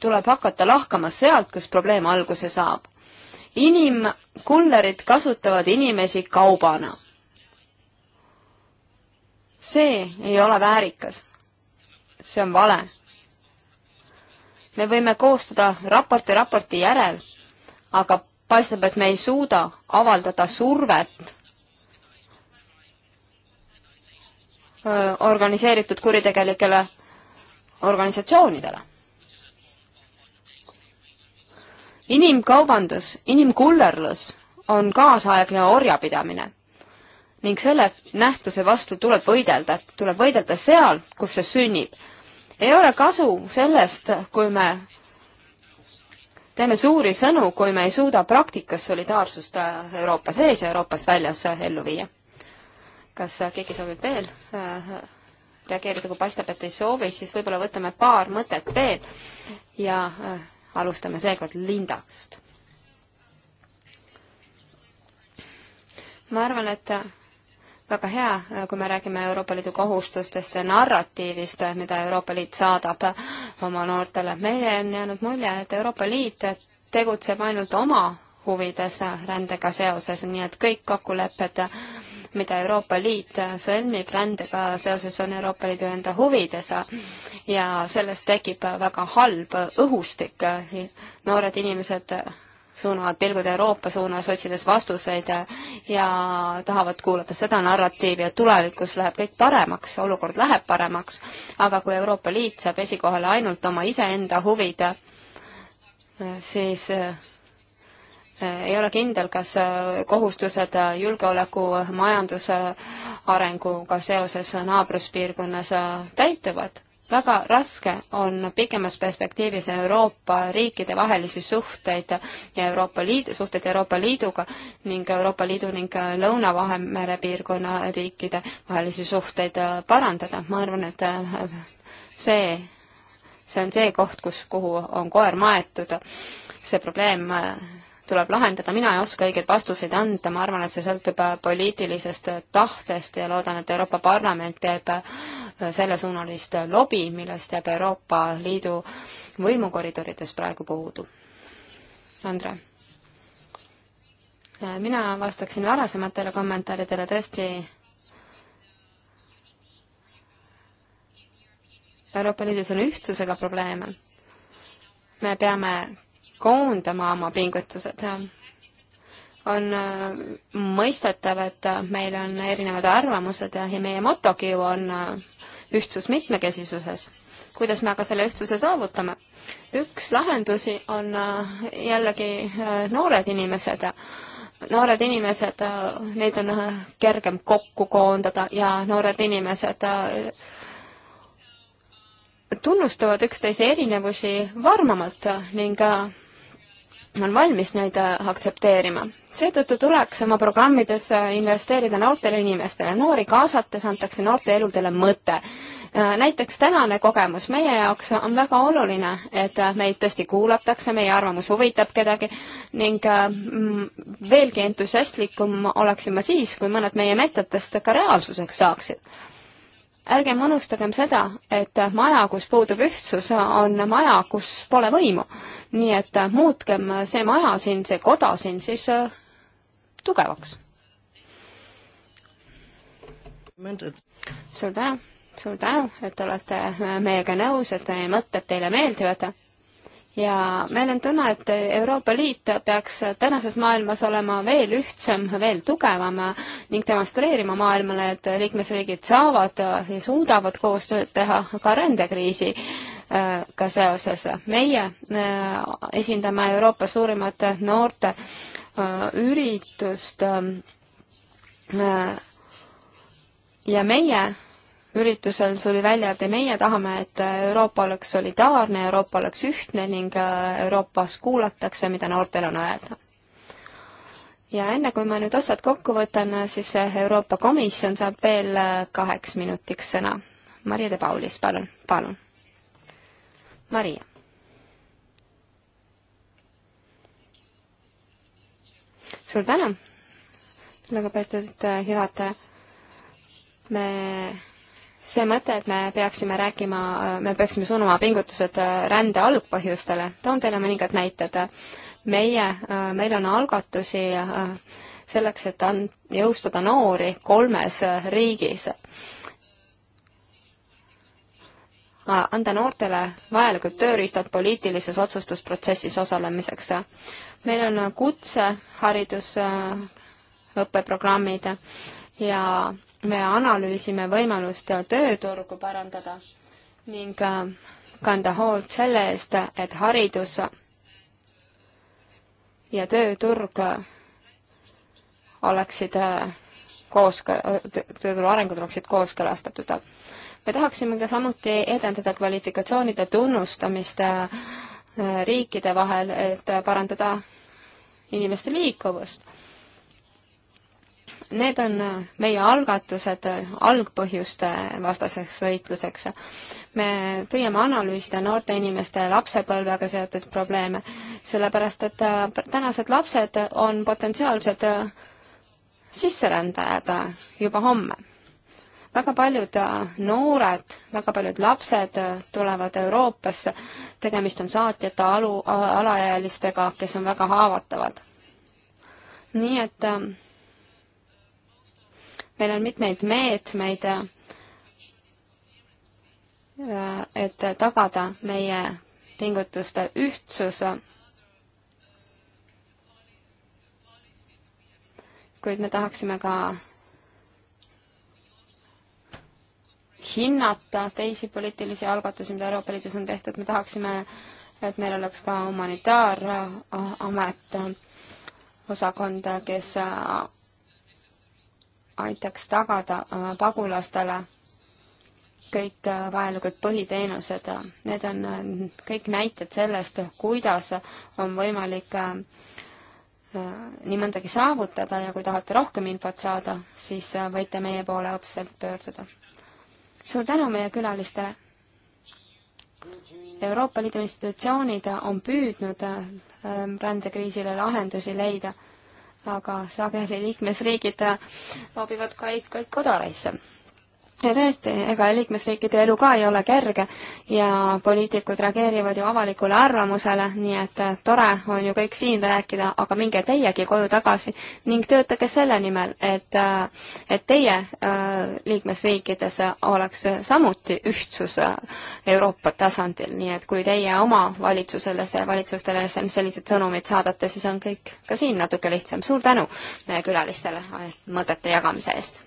tuleb hakata lahkama sealt, kus probleem alguse saab. inimkullerid kasutavad inimesi kaubana. see ei ole väärikas. see on vale. me võime koostada raporti raporti järel, aga paistab, et me ei suuda avaldada survet organiseeritud kuritegelikele organisatsioonidele. inimkaubandus, inimkullerlus on kaasaegne orjapidamine ning selle nähtuse vastu tuleb võidelda, tuleb võidelda seal, kus see sünnib. ei ole kasu sellest, kui me teeme suuri sõnu, kui me ei suuda praktikas solidaarsust äh, Euroopa sees ja Euroopast väljas äh, ellu viia kas keegi soovib veel äh, reageerida, kui paistab, et ei soovi, siis võib-olla võtame paar mõtet veel ja äh, alustame seekord Lindast. ma arvan, et äh, väga hea, kui me räägime Euroopa Liidu kohustustest ja narratiivist, mida Euroopa Liit saadab oma noortele. meile on jäänud mulje, et Euroopa Liit tegutseb ainult oma huvides rändega seoses, nii et kõik kokkulepped äh, mida Euroopa Liit sõlmib rändega seoses, on Euroopa Liidu enda huvides ja sellest tekib väga halb õhustik. noored inimesed suunavad pilgud Euroopa suunas, otsides vastuseid ja, ja tahavad kuulata seda narratiivi, et tulevikus läheb kõik paremaks, olukord läheb paremaks, aga kui Euroopa Liit saab esikohale ainult oma iseenda huvid, siis ei ole kindel, kas äh, kohustused äh, julgeoleku äh, majanduse arenguga seoses naabruspiirkonnas täituvad. väga raske on pikemas perspektiivis Euroopa riikide vahelisi suhteid ja Euroopa Liidu, suhteid Euroopa Liiduga ning Euroopa Liidu ning Lõuna-Vahemere piirkonna riikide vahelisi suhteid parandada. ma arvan, et see, see on see koht, kus, kuhu on koer maetud. see probleem tuleb lahendada, mina ei oska õigeid vastuseid anda, ma arvan, et see sõltub äh, poliitilisest äh, tahtest ja loodan, et Euroopa Parlament teeb äh, sellesuunalist lobi, millest jääb Euroopa Liidu võimukoridorides praegu puudu. Andre? mina vastaksin varasematele kommentaaridele, tõesti Euroopa Liidus on ühtsusega probleeme. me peame koondama oma pingutused. on äh, mõistetav, et äh, meil on erinevad arvamused ja meie motogi ju on äh, ühtsus mitmekesisuses. kuidas me aga selle ühtsuse saavutame? üks lahendusi on jällegi noored inimesed noored inimesed, neid on kergem kokku koondada ja noored inimesed tunnustavad üksteise erinevusi varmamalt ning on valmis neid äh, aktsepteerima. seetõttu tuleks oma programmides investeerida noortele inimestele. noori kaasates antakse noorte eludele mõte. Äh, näiteks tänane kogemus meie jaoks on väga oluline, et äh, meid tõesti kuulatakse, meie arvamus huvitab kedagi ning veelgi entusiastlikum oleksin ma siis, kui mõned meie metetest ka reaalsuseks saaksid ärgem unustagem seda, et maja, kus puudub ühtsus, on maja, kus pole võimu. nii et muutkem see maja siin, see koda siin siis äh, tugevaks. suur tänu, suur tänu, et olete meiega nõus, et meie mõtted teile meeldivad ja meil on tunne, et Euroopa Liit peaks tänases maailmas olema veel ühtsem, veel tugevam ning demonstreerima maailmale, et liikmesriigid saavad ja suudavad koostööd teha ka rändekriisi äh, ka seoses. meie äh, esindame Euroopa suurimat noorte äh, üritust ähm, ja meie üritusel tuli välja, et meie tahame, et Euroopa oleks solidaarne, Euroopa oleks ühtne ning äh, Euroopas kuulatakse, mida noortel on öelda. ja enne, kui ma nüüd osad kokku võtan, siis äh, Euroopa Komisjon saab veel äh, kaheks minutiks sõna. Maria de Paulis, palun, palun. Maria. suur tänu, lugupeetud juhataja. me see mõte, et me peaksime rääkima, me peaksime suunama pingutused äh, rände algpõhjustele, toon teile mõningad näited. meie, äh, meil on algatusi äh, selleks, et an-, jõustada noori kolmes riigis. anda noortele vajalikud tööriistad poliitilises otsustusprotsessis osalemiseks. meil on kutseharidusõppeprogrammid ja me analüüsime võimalust tööturgu parandada ning äh, kanda hoolt selle eest, et haridus ja tööturg oleksid äh, koos, tööturu arengud oleksid kooskõlastatud. me tahaksime ka samuti edendada kvalifikatsioonide tunnustamist äh, riikide vahel, et parandada inimeste liikuvust Need on äh, meie algatused äh, algpõhjuste vastaseks võitluseks. me püüame analüüsida noorte inimeste lapsepõlvega seotud probleeme, sellepärast et äh, tänased lapsed on potentsiaalsed sisserändajad juba homme. väga paljud noored, väga paljud lapsed tulevad Euroopasse, tegemist on saatjate alu, alaealistega, kes on väga haavatavad. nii et meil on mitmeid meetmeid, äh, et tagada meie pingutuste ühtsus. kuid me tahaksime ka hinnata teisi poliitilisi algatusi, mida Euroopa Liidus on tehtud, me tahaksime, et meil oleks ka humanitaaramet, osakond, kes aitaks tagada äh, pagulastele kõik äh, vajalikud põhiteenused. Need on äh, kõik näited sellest, kuidas on võimalik nii mõndagi saavutada ja kui tahate rohkem infot saada, siis võite meie poole otseselt pöörduda. suur tänu meie külalistele! Euroopa Liidu institutsioonid on püüdnud rändekriisile lahendusi leida aga sageli liikmesriigid loobivad ka ikka kodarisse ja tõesti, ega liikmesriikide elu ka ei ole kerge ja poliitikud reageerivad ju avalikule arvamusele, nii et eh, tore on ju kõik siin rääkida, aga minge teiegi koju tagasi ning töötage selle nimel, et, eh, et teie eh, liikmesriikides oleks samuti ühtsus Euroopa tasandil, nii et kui teie oma valitsusele, valitsustele sellised sõnumid saadate, siis on kõik ka siin natuke lihtsam. suur tänu meie külalistele mõtete jagamise eest!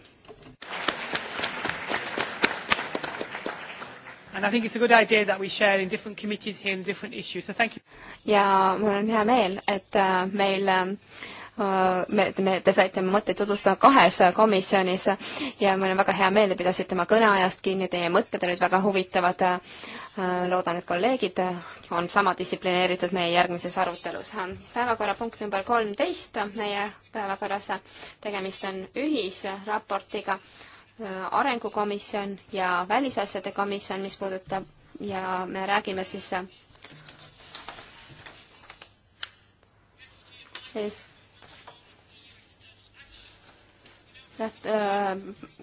And I think it's a good idea that we share in different committees here in different issues. So thank you. ja mul on hea meel, et äh, meil äh, me, me, te saite mõtteid tutvustada kahes komisjonis ja mul on väga hea meel, te pidasite oma kõneajast kinni, teie mõtted olid väga huvitavad. Äh, loodan, et kolleegid on sama distsiplineeritud meie järgmises arutelus. päevakorrapunkt number kolmteist meie päevakorras, tegemist on ühisraportiga arengukomisjon ja välisasjade komisjon, mis puudutab ja me räägime siis äh,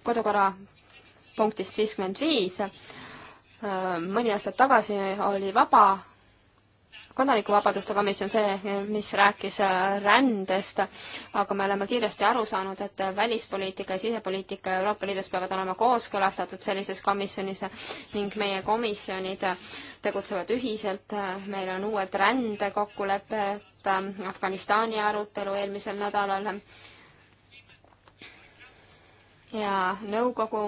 kodukorra punktist viiskümmend viis. Äh, mõni aasta tagasi oli vaba kodanikuvabaduste komisjon see, mis rääkis äh, rändest, aga me oleme kiiresti aru saanud, et välispoliitika ja sisepoliitika Euroopa Liidus peavad olema kooskõlastatud sellises komisjonis ning meie komisjonid tegutsevad ühiselt, meil on uued rändekokkulepped, Afganistani arutelu eelmisel nädalal ja nõukogu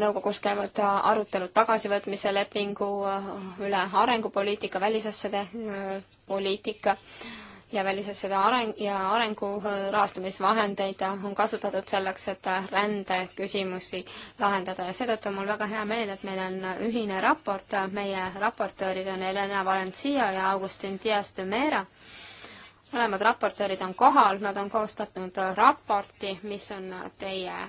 nõukogus käivad arutelud tagasivõtmise lepingu äh, üle, arengupoliitika, välisasjade äh, poliitika ja välisasjade areng ja arengu äh, rahastamisvahendeid on kasutatud selleks, et rändeküsimusi lahendada ja seetõttu on mul väga hea meel, et meil on ühine raport, meie raportöörid on Helena Valencia ja Augustin Dias de Mera mõlemad raportöörid on kohal, nad on koostanud raporti, mis on teie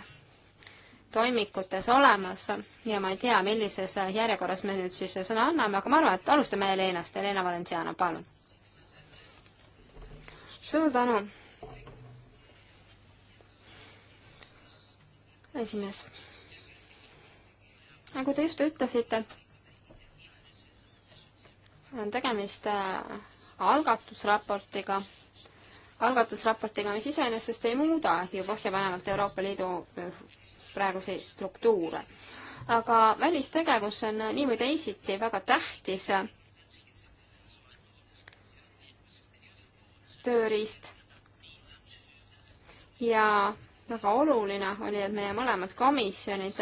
toimikutes olemas ja ma ei tea, millises järjekorras me nüüd siis sõna anname, aga ma arvan, et alustame Helenast, Helena Valenciano, palun. suur tänu. esimees. nagu te just ütlesite, on tegemist äh, algatusraportiga algatusraportiga, mis iseenesest ei muuda ju põhjapanevalt Euroopa Liidu eh, praeguseid struktuure. aga välistegevus on nii või teisiti väga tähtis tööriist ja väga oluline oli, et meie mõlemad komisjonid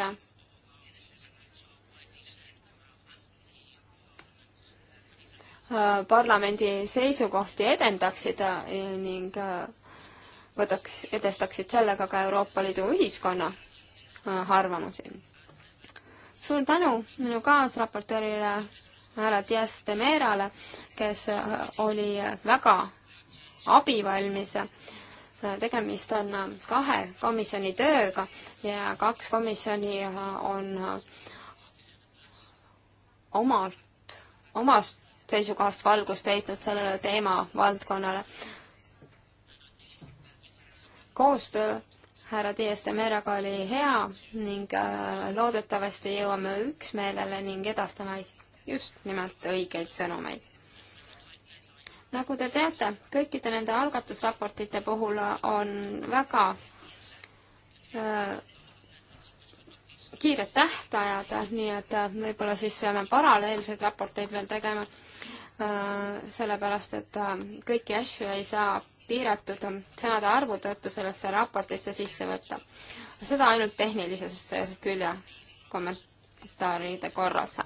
Äh, parlamendi seisukohti edendaksid äh, ning äh, võtaks, edestaksid sellega ka Euroopa Liidu ühiskonna arvamusi. suur tänu minu kaasraportöörile härra Dias de Merale, kes oli väga abivalmis tegemist on kahe komisjoni tööga ja kaks komisjoni on omalt, omast seisukohast valgust heitnud sellele teemavaldkonnale. koostöö härra Dias de Meraga oli hea ning äh, loodetavasti jõuame üksmeelele ning edastame just nimelt õigeid sõnumeid. nagu te teate, kõikide nende algatusraportite puhul on väga öö, äh, kiired tähtajad, nii et äh, võib-olla siis peame paralleelseid raporteid veel tegema, äh, sellepärast et äh, kõiki asju ei saa piiratud sõnade arvu tõttu sellesse raportisse sisse võtta. seda ainult tehnilises külje kommentaaride korras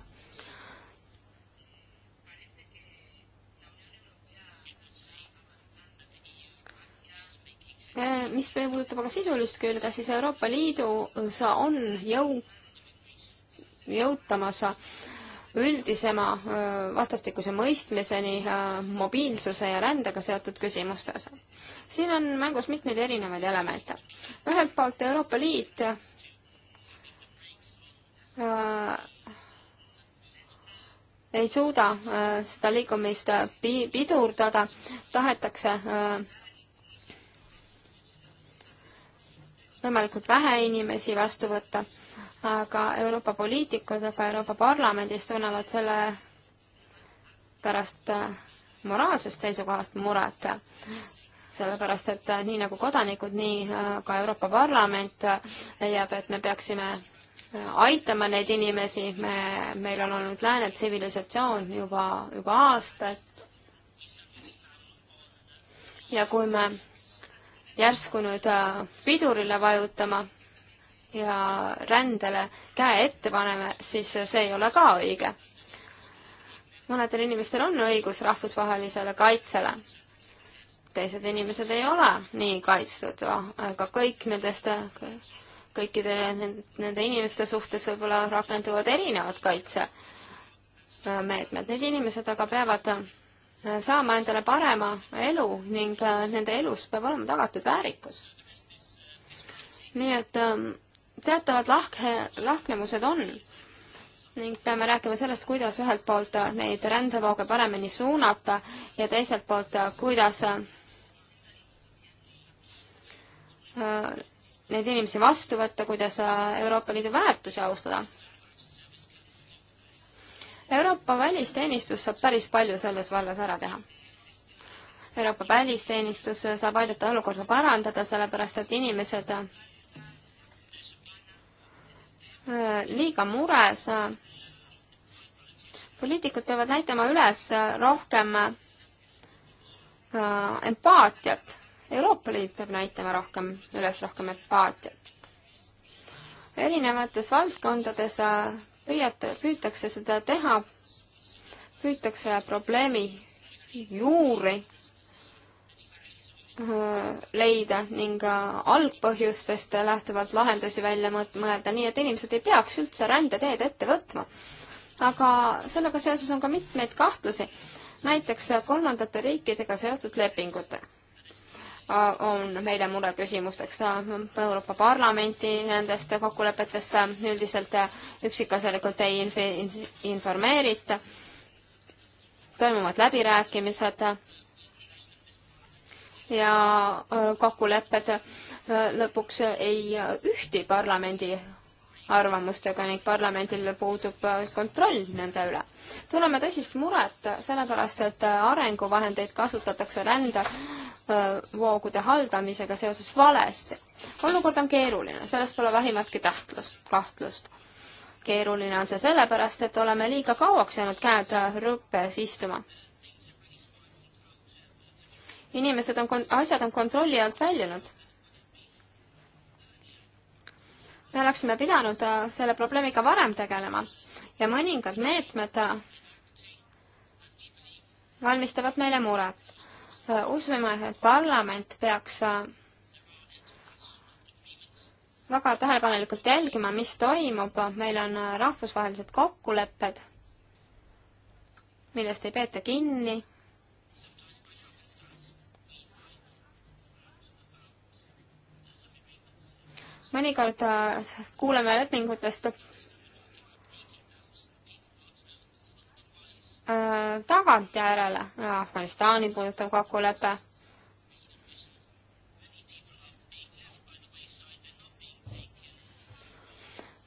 Eh, mis puudutab aga sisulist külge, siis Euroopa Liidus on jõu, jõutamas üldisema eh, vastastikuse mõistmiseni eh, mobiilsuse ja rändega seotud küsimustes. siin on mängus mitmeid erinevaid elemente. ühelt poolt Euroopa Liit ei suuda seda liikumist pidurdada, tahetakse võimalikult vähe inimesi vastu võtta, aga Euroopa poliitikud, aga Euroopa Parlamendis tunnevad selle pärast äh, moraalsest seisukohast muret. sellepärast, et äh, nii nagu kodanikud, nii äh, ka Euroopa Parlament leiab, et me peaksime aitama neid inimesi, me, meil on olnud lääne tsivilisatsioon juba, juba aastaid. ja kui me järsku nüüd äh, pidurile vajutama ja rändele käe ette paneme, siis see ei ole ka õige. mõnedel inimestel on õigus rahvusvahelisele kaitsele, teised inimesed ei ole nii kaitstud, aga kõik nendest, kõikide nende inimeste suhtes võib-olla rakenduvad erinevad kaitsemeetmed. Need inimesed aga peavad saama endale parema elu ning äh, nende elus peab olema tagatud väärikus. nii et ähm, teatavad lahke, lahknevused on ning peame rääkima sellest, kuidas ühelt poolt äh, neid rändevooge paremini suunata ja teiselt poolt, äh, kuidas neid inimesi vastu võtta, kuidas Euroopa Liidu väärtusi austada Euroopa välisteenistus saab päris palju selles vallas ära teha. Euroopa välisteenistus saab aidata olukorda parandada, sellepärast et inimesed äh, liiga mures. poliitikud peavad näitama üles rohkem äh, empaatiat. Euroopa Liit peab näitama rohkem üles rohkem empaatiat. erinevates valdkondades äh, püüate, püütakse seda teha, püütakse probleemi juuri äh, leida ning äh, algpõhjustest lähtuvalt lahendusi välja mõelda, nii et inimesed ei peaks üldse rändeteed ette võtma. aga sellega seoses on ka mitmeid kahtlusi, näiteks kolmandate riikidega seotud lepingutega on meile mureküsimusteks Euroopa Parlamenti nendest kokkulepetest üldiselt üksikasjalikult ei inf-, informeerita, toimuvad läbirääkimised ja kokkulepped lõpuks ei ühti parlamendi arvamustega ning parlamendil puudub kontroll nende üle. tunneme tõsist muret sellepärast, et arenguvahendeid kasutatakse rände Äh, voogude haldamisega seoses valesti. olukord on keeruline, selles pole vähimatki tähtlust, kahtlust. keeruline on see sellepärast, et oleme liiga kauaks jäänud käed rüppes istuma. inimesed on, asjad on kontrolli alt väljunud. me oleksime pidanud äh, selle probleemiga varem tegelema ja mõningad meetmed äh, valmistavad meile muret Äh, usume, et parlament peaks äh, väga tähelepanelikult jälgima, mis toimub, meil on äh, rahvusvahelised kokkulepped, millest ei peeta kinni mõnikord kuuleme lepingutest Äh, tagantjärele äh, Afganistani puudutav kokkulepe.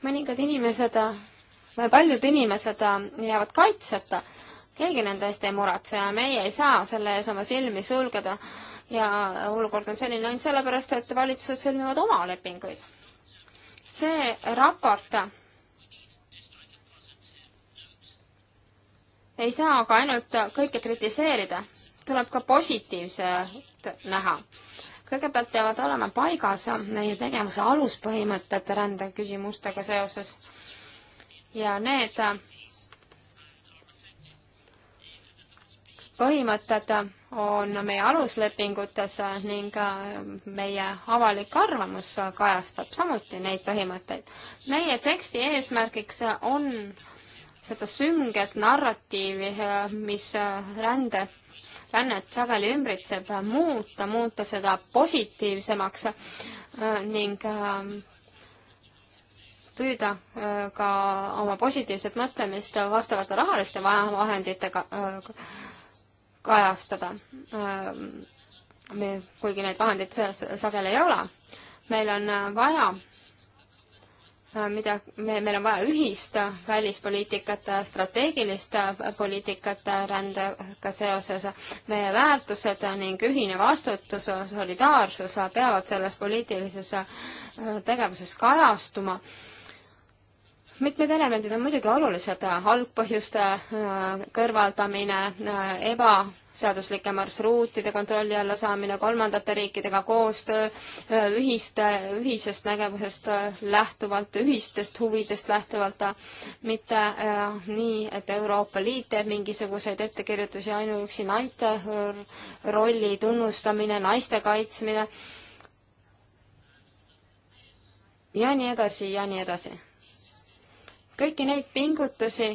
mõningad inimesed või paljud inimesed jäävad kaitseta, keegi nende eest ei muretse ja meie ei saa selle ees oma silmi sulgeda ja olukord on selline ainult sellepärast, et valitsused sõlmivad oma lepinguid. see raport ei saa aga ainult kõike kritiseerida, tuleb ka positiivset näha. kõigepealt peavad olema paigas meie tegevuse aluspõhimõtted rändeküsimustega seoses ja need põhimõtted on meie aluslepingutes ning meie avalik arvamus kajastab samuti neid põhimõtteid. meie teksti eesmärgiks on seda sünget narratiivi, mis rände, rännet sageli ümbritseb, muuta, muuta seda positiivsemaks äh, ning äh, püüda äh, ka oma positiivset mõtlemist vastavate rahaliste vahenditega kajastada. me, kuigi neid vahendeid sageli ei ole, meil on vaja Äh, mida me, meil on vaja ühist välispoliitikat, strateegilist poliitikat rändega seoses. meie väärtused ning ühine vastutus, solidaarsus peavad selles poliitilises äh, tegevuses kajastuma ka mitmed elemendid on muidugi olulised, algpõhjuste äh, kõrvaldamine, äh, ebaseaduslike marsruutide kontrolli alla saamine, kolmandate riikidega koostöö, äh, ühiste, ühisest nägevusest lähtuvalt, ühistest huvidest lähtuvalt, mitte äh, nii, et Euroopa Liit teeb mingisuguseid ettekirjutusi, ainuüksi naiste rolli tunnustamine, naiste kaitsmine ja nii edasi ja nii edasi kõiki neid pingutusi,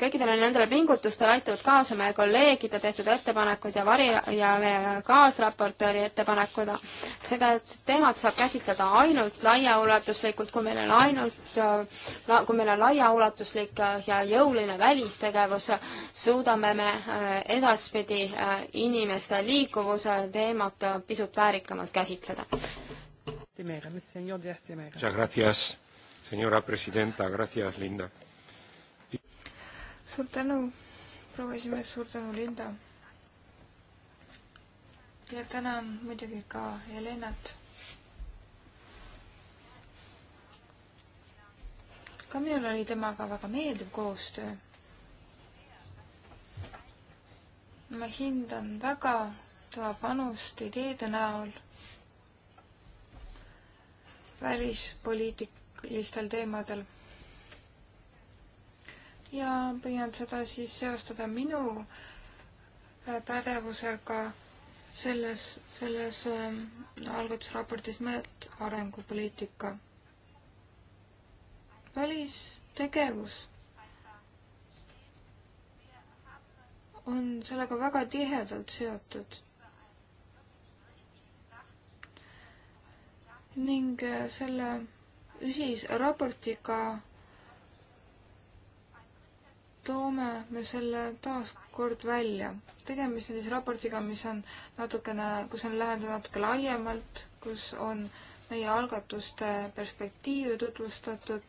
kõikidele nendele pingutustele aitavad kaasa meie kolleegide tehtud ettepanekud ja vari- ja meie kaasraportööri ettepanekud. seda teemat saab käsitleda ainult laiaulatuslikult, kui meil on ainult, äh, kui meil on laiaulatuslik ja jõuline välistegevus, suudame me äh, edaspidi äh, inimeste liikuvuse teemat pisut väärikamalt käsitleda. Temera, señor Díaz Temera. Muchas gracias, señora presidenta, gracias, Linda. suur tänu, proua esimees, suur tänu, Linda. ja tänan muidugi ka Helenat. ka minul oli temaga väga meeldiv koostöö ma hindan väga tema panust ideede näol välispoliitilistel teemadel. ja püüan seda siis seostada minu äh, pädevusega selles, selles ähm, algatusraportis mõelt arengupoliitika. välistegevus on sellega väga tihedalt seotud ning äh, selle ühisraportiga toome me selle taas kord välja. tegemist on siis raportiga, mis on natukene, kus on lähendatud natuke laiemalt, kus on meie algatuste perspektiivi tutvustatud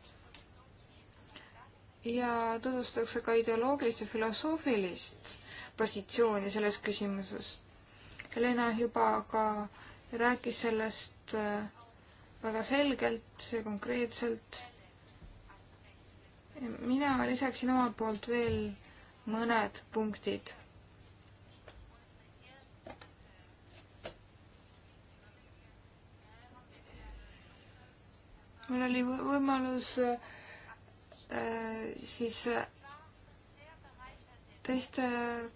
ja tutvustatakse ka ideoloogilist ja filosoofilist positsiooni selles küsimuses. Helena juba ka rääkis sellest äh, väga selgelt ja konkreetselt. mina lisaksin omalt poolt veel mõned punktid. mul oli võimalus äh, siis äh, teiste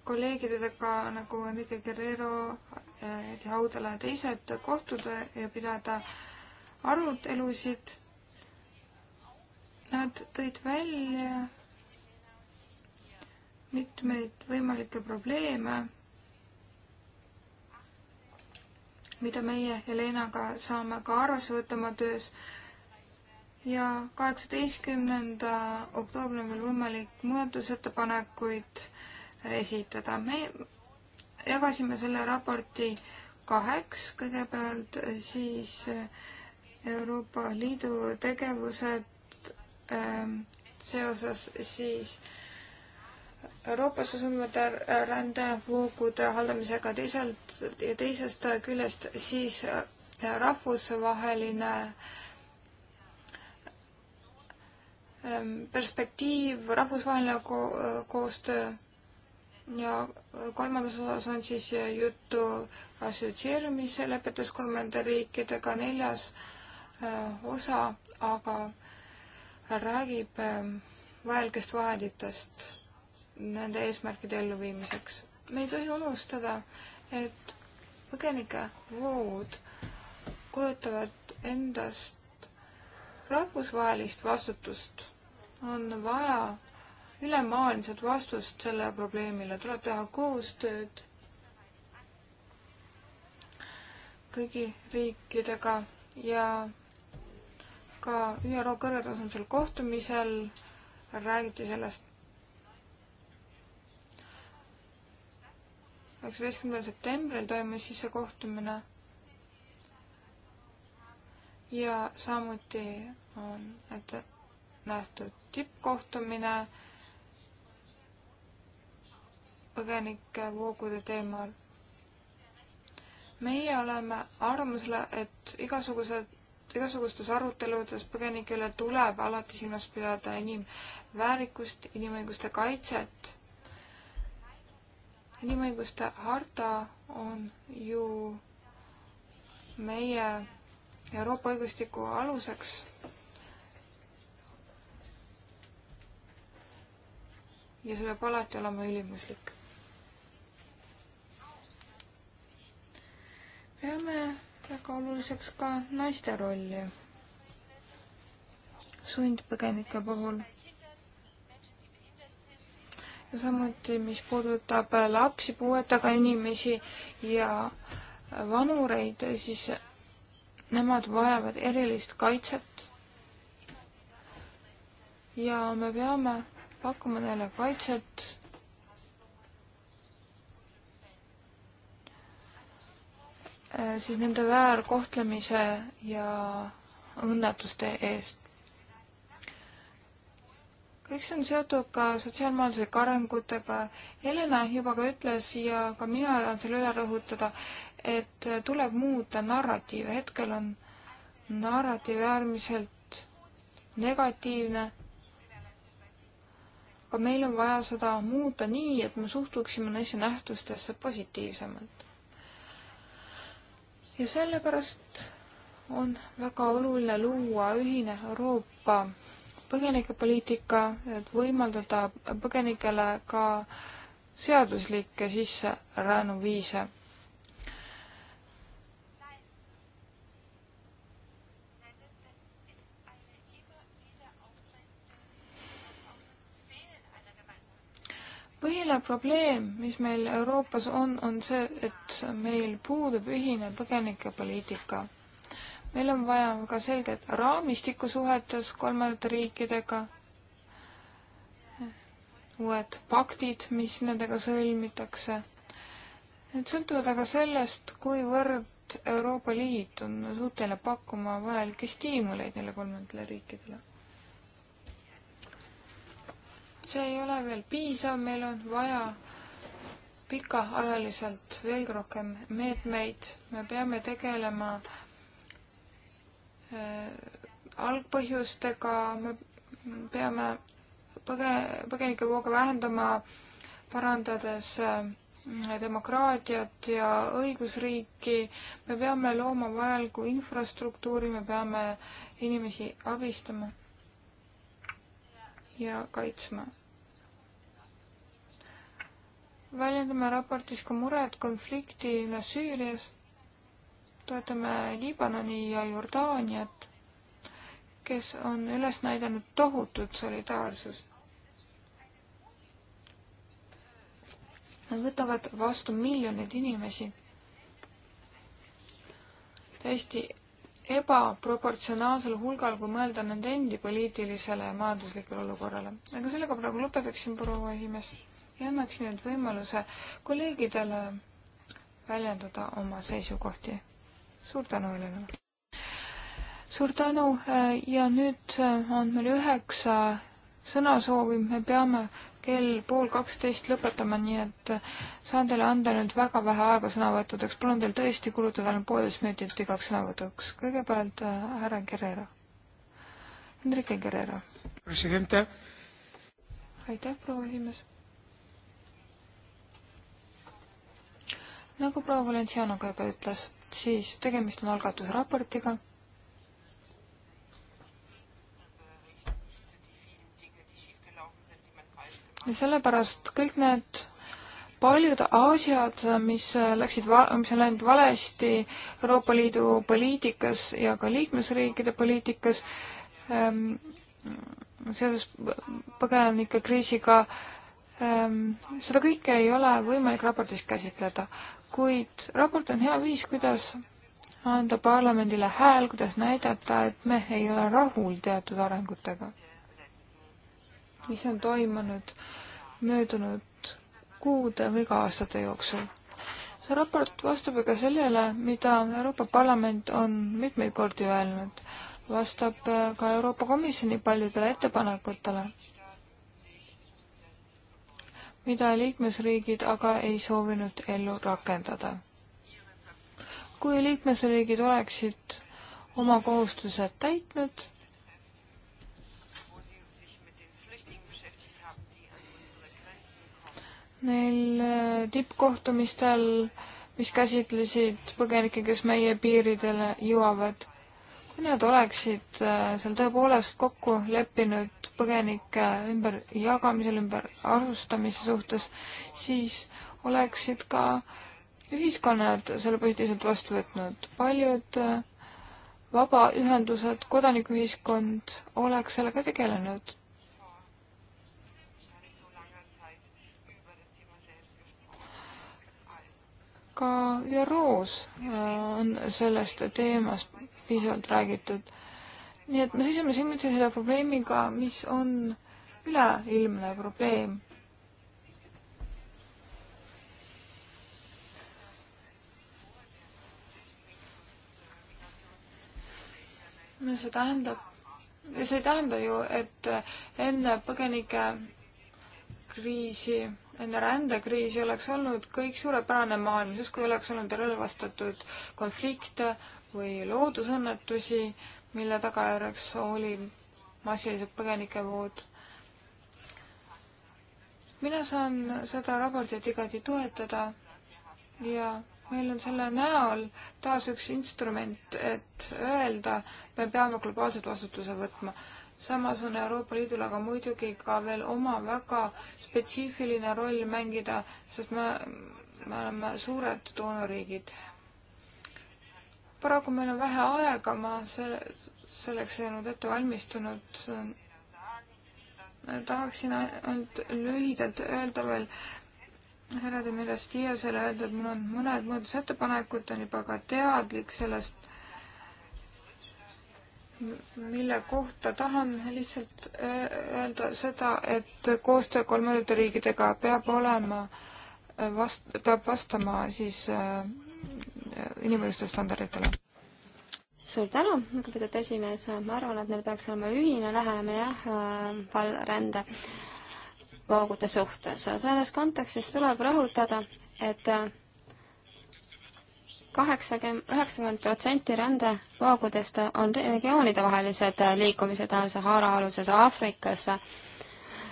kolleegidega nagu Enrique Guerrero äh,, Heidi Haudala ja teised kohtuda ja pidada äh, arutelusid. Nad tõid välja mitmeid võimalikke probleeme, mida meie Helenaga saame ka arvesse võtta oma töös ja kaheksateistkümnenda oktoobril on veel võimalik muudatusettepanekuid esitada. me jagasime selle raporti kaheks, kõigepealt siis Euroopa Liidu tegevused ähm, seoses siis Euroopas asuvate rändevoogude haldamisega teiselt ja teisest küljest siis äh, rahvusvaheline ähm, perspektiiv, rahvusvaheline ko koostöö ja kolmandas osas on siis äh, juttu assotsieerumise lepetest kolmanda riikidega, neljas äh, Äh, osa, aga räägib ähm, vajalikest vahenditest nende eesmärkide elluviimiseks. me ei tohi unustada, et põgenikevood kujutavad endast rahvusvahelist vastutust. on vaja ülemaailmset vastust sellele probleemile, tuleb teha koostööd kõigi riikidega ja ka ÜRO kõrgetasemel kohtumisel räägiti sellest. üheksateistkümnendal septembril toimus siis see kohtumine. ja samuti on ette nähtud tippkohtumine põgenike voogude teemal meie oleme arvamusele, et igasugused igasugustes aruteludes põgenike üle tuleb alati silmas pidada inimväärikust, inimõiguste kaitset. inimõiguste harta on ju meie Euroopa õigustiku aluseks ja see peab alati olema ülimuslik. peame väga oluliseks ka naiste rolli sundpõgenike puhul. ja samuti, mis puudutab lapsi, puuetega inimesi ja vanureid, siis nemad vajavad erilist kaitset. ja me peame pakkuma neile kaitset Äh, siis nende väärkohtlemise ja õnnetuste eest. kõik see on seotud ka sotsiaalmajanduslike arengutega. Helena juba ka ütles ja ka mina tahan selle üle rõhutada, et tuleb muuta narratiive. hetkel on narratiiv äärmiselt negatiivne. aga meil on vaja seda muuta nii, et me suhtuksime neisse nähtustesse positiivsemalt ja sellepärast on väga oluline luua ühine Euroopa põgenikepoliitika, et võimaldada põgenikele ka seaduslikke sisserännuviise põhiline probleem, mis meil Euroopas on, on see, et meil puudub ühine põgenikepoliitika. meil on vaja väga selget raamistikku suhetes kolmandate riikidega, uued paktid, mis nendega sõlmitakse. Need sõltuvad aga sellest, kuivõrd Euroopa Liit on suuteline pakkuma vajalikke stiimuleid neile kolmandatele riikidele see ei ole veel piisav, meil on vaja pikaajaliselt veelgi rohkem meetmeid, me peame tegelema äh, algpõhjustega, me peame põge-, põgenikevooga vähendama, parandades äh, demokraatiat ja õigusriiki, me peame looma vajaliku infrastruktuuri, me peame inimesi abistama ja kaitsma väljendame raportis ka muret konflikti üle Süürias, toetame Liibanoni ja Jordaaniat, kes on üles näidanud tohutut solidaarsust. Nad võtavad vastu miljoneid inimesi täiesti ebaproportsionaalsel hulgal, kui mõelda nende endi poliitilisele ja majanduslikule olukorrale. aga sellega praegu lõpetaksin, proua esimees ja annaksin nüüd võimaluse kolleegidele väljendada oma seisukohti. suur tänu, Helena! suur tänu ja nüüd äh, on meil üheksa sõnasoovi, me peame kell pool kaksteist lõpetama, nii et äh, saan teile anda nüüd väga vähe aega sõnavõttudeks. palun teil tõesti kulutada ainult poolteist minutit igaks sõnavõtuks. kõigepealt äh, härra Guerrero. Enrique Guerrero. president. aitäh, proua esimees. nagu proua Valenciano ka juba ütles, siis tegemist on algatusraportiga ja sellepärast kõik need paljud asjad, mis läksid, mis on läinud valesti Euroopa Liidu poliitikas ja ka liikmesriikide poliitikas ähm, seoses põgenike kriisiga ähm,, seda kõike ei ole võimalik raportis käsitleda kuid raport on hea viis, kuidas anda parlamendile hääl, kuidas näidata, et me ei ole rahul teatud arengutega, mis on toimunud möödunud kuude või ka aastate jooksul. see raport vastab ju ka sellele, mida Euroopa Parlament on mitmeid kordi öelnud, vastab ka Euroopa Komisjoni paljudele ettepanekutele mida liikmesriigid aga ei soovinud ellu rakendada. kui liikmesriigid oleksid oma kohustused täitnud, neil äh, tippkohtumistel, mis käsitlesid põgenikke, kes meie piiridele jõuavad, kui nad oleksid äh, seal tõepoolest kokku leppinud põgenike ümberjagamisel, ümberasustamise suhtes, siis oleksid ka ühiskonnad selle positiivselt vastu võtnud. paljud äh, vabaühendused, kodanikuühiskond oleks sellega tegelenud. ka ÜRO-s äh, on sellest teemast piisavalt räägitud. nii et me seisame silmitsi selle probleemiga, mis on üleilmne probleem. no see tähendab, see ei tähenda ju, et enne põgenikekriisi, enne rändekriisi oleks olnud kõik suurepärane maailm, justkui oleks olnud relvastatud konflikte, või loodusõnnetusi, mille tagajärjeks oli massilised põgenikevood. mina saan seda raportit igati toetada ja meil on selle näol taas üks instrument, et öelda, me peame globaalset vastutuse võtma. samas on Euroopa Liidul aga muidugi ka veel oma väga spetsiifiline roll mängida, sest me, me oleme suured doonoriigid paraku meil on vähe aega, ma selle, selleks ei olnud ette valmistunud. tahaksin ainult lühidalt öelda veel härra Demiras Tiiasele öelda, et mul on mõned muudatusettepanekud, on juba ka teadlik sellest, mille kohta tahan lihtsalt äh, öelda seda, et koostöö kolmandate riikidega peab olema vast-, peab vastama siis äh, inimõiguste standarditele. suur tänu, lugupeetud esimees, ma arvan, et meil peaks olema ühine lähenemine jah, rände voogude suhtes. selles kontekstis tuleb rõhutada, et kaheksakümmend, üheksakümmend protsenti rändevoogudest on regioonidevahelised liikumised Sahara aluses Aafrikas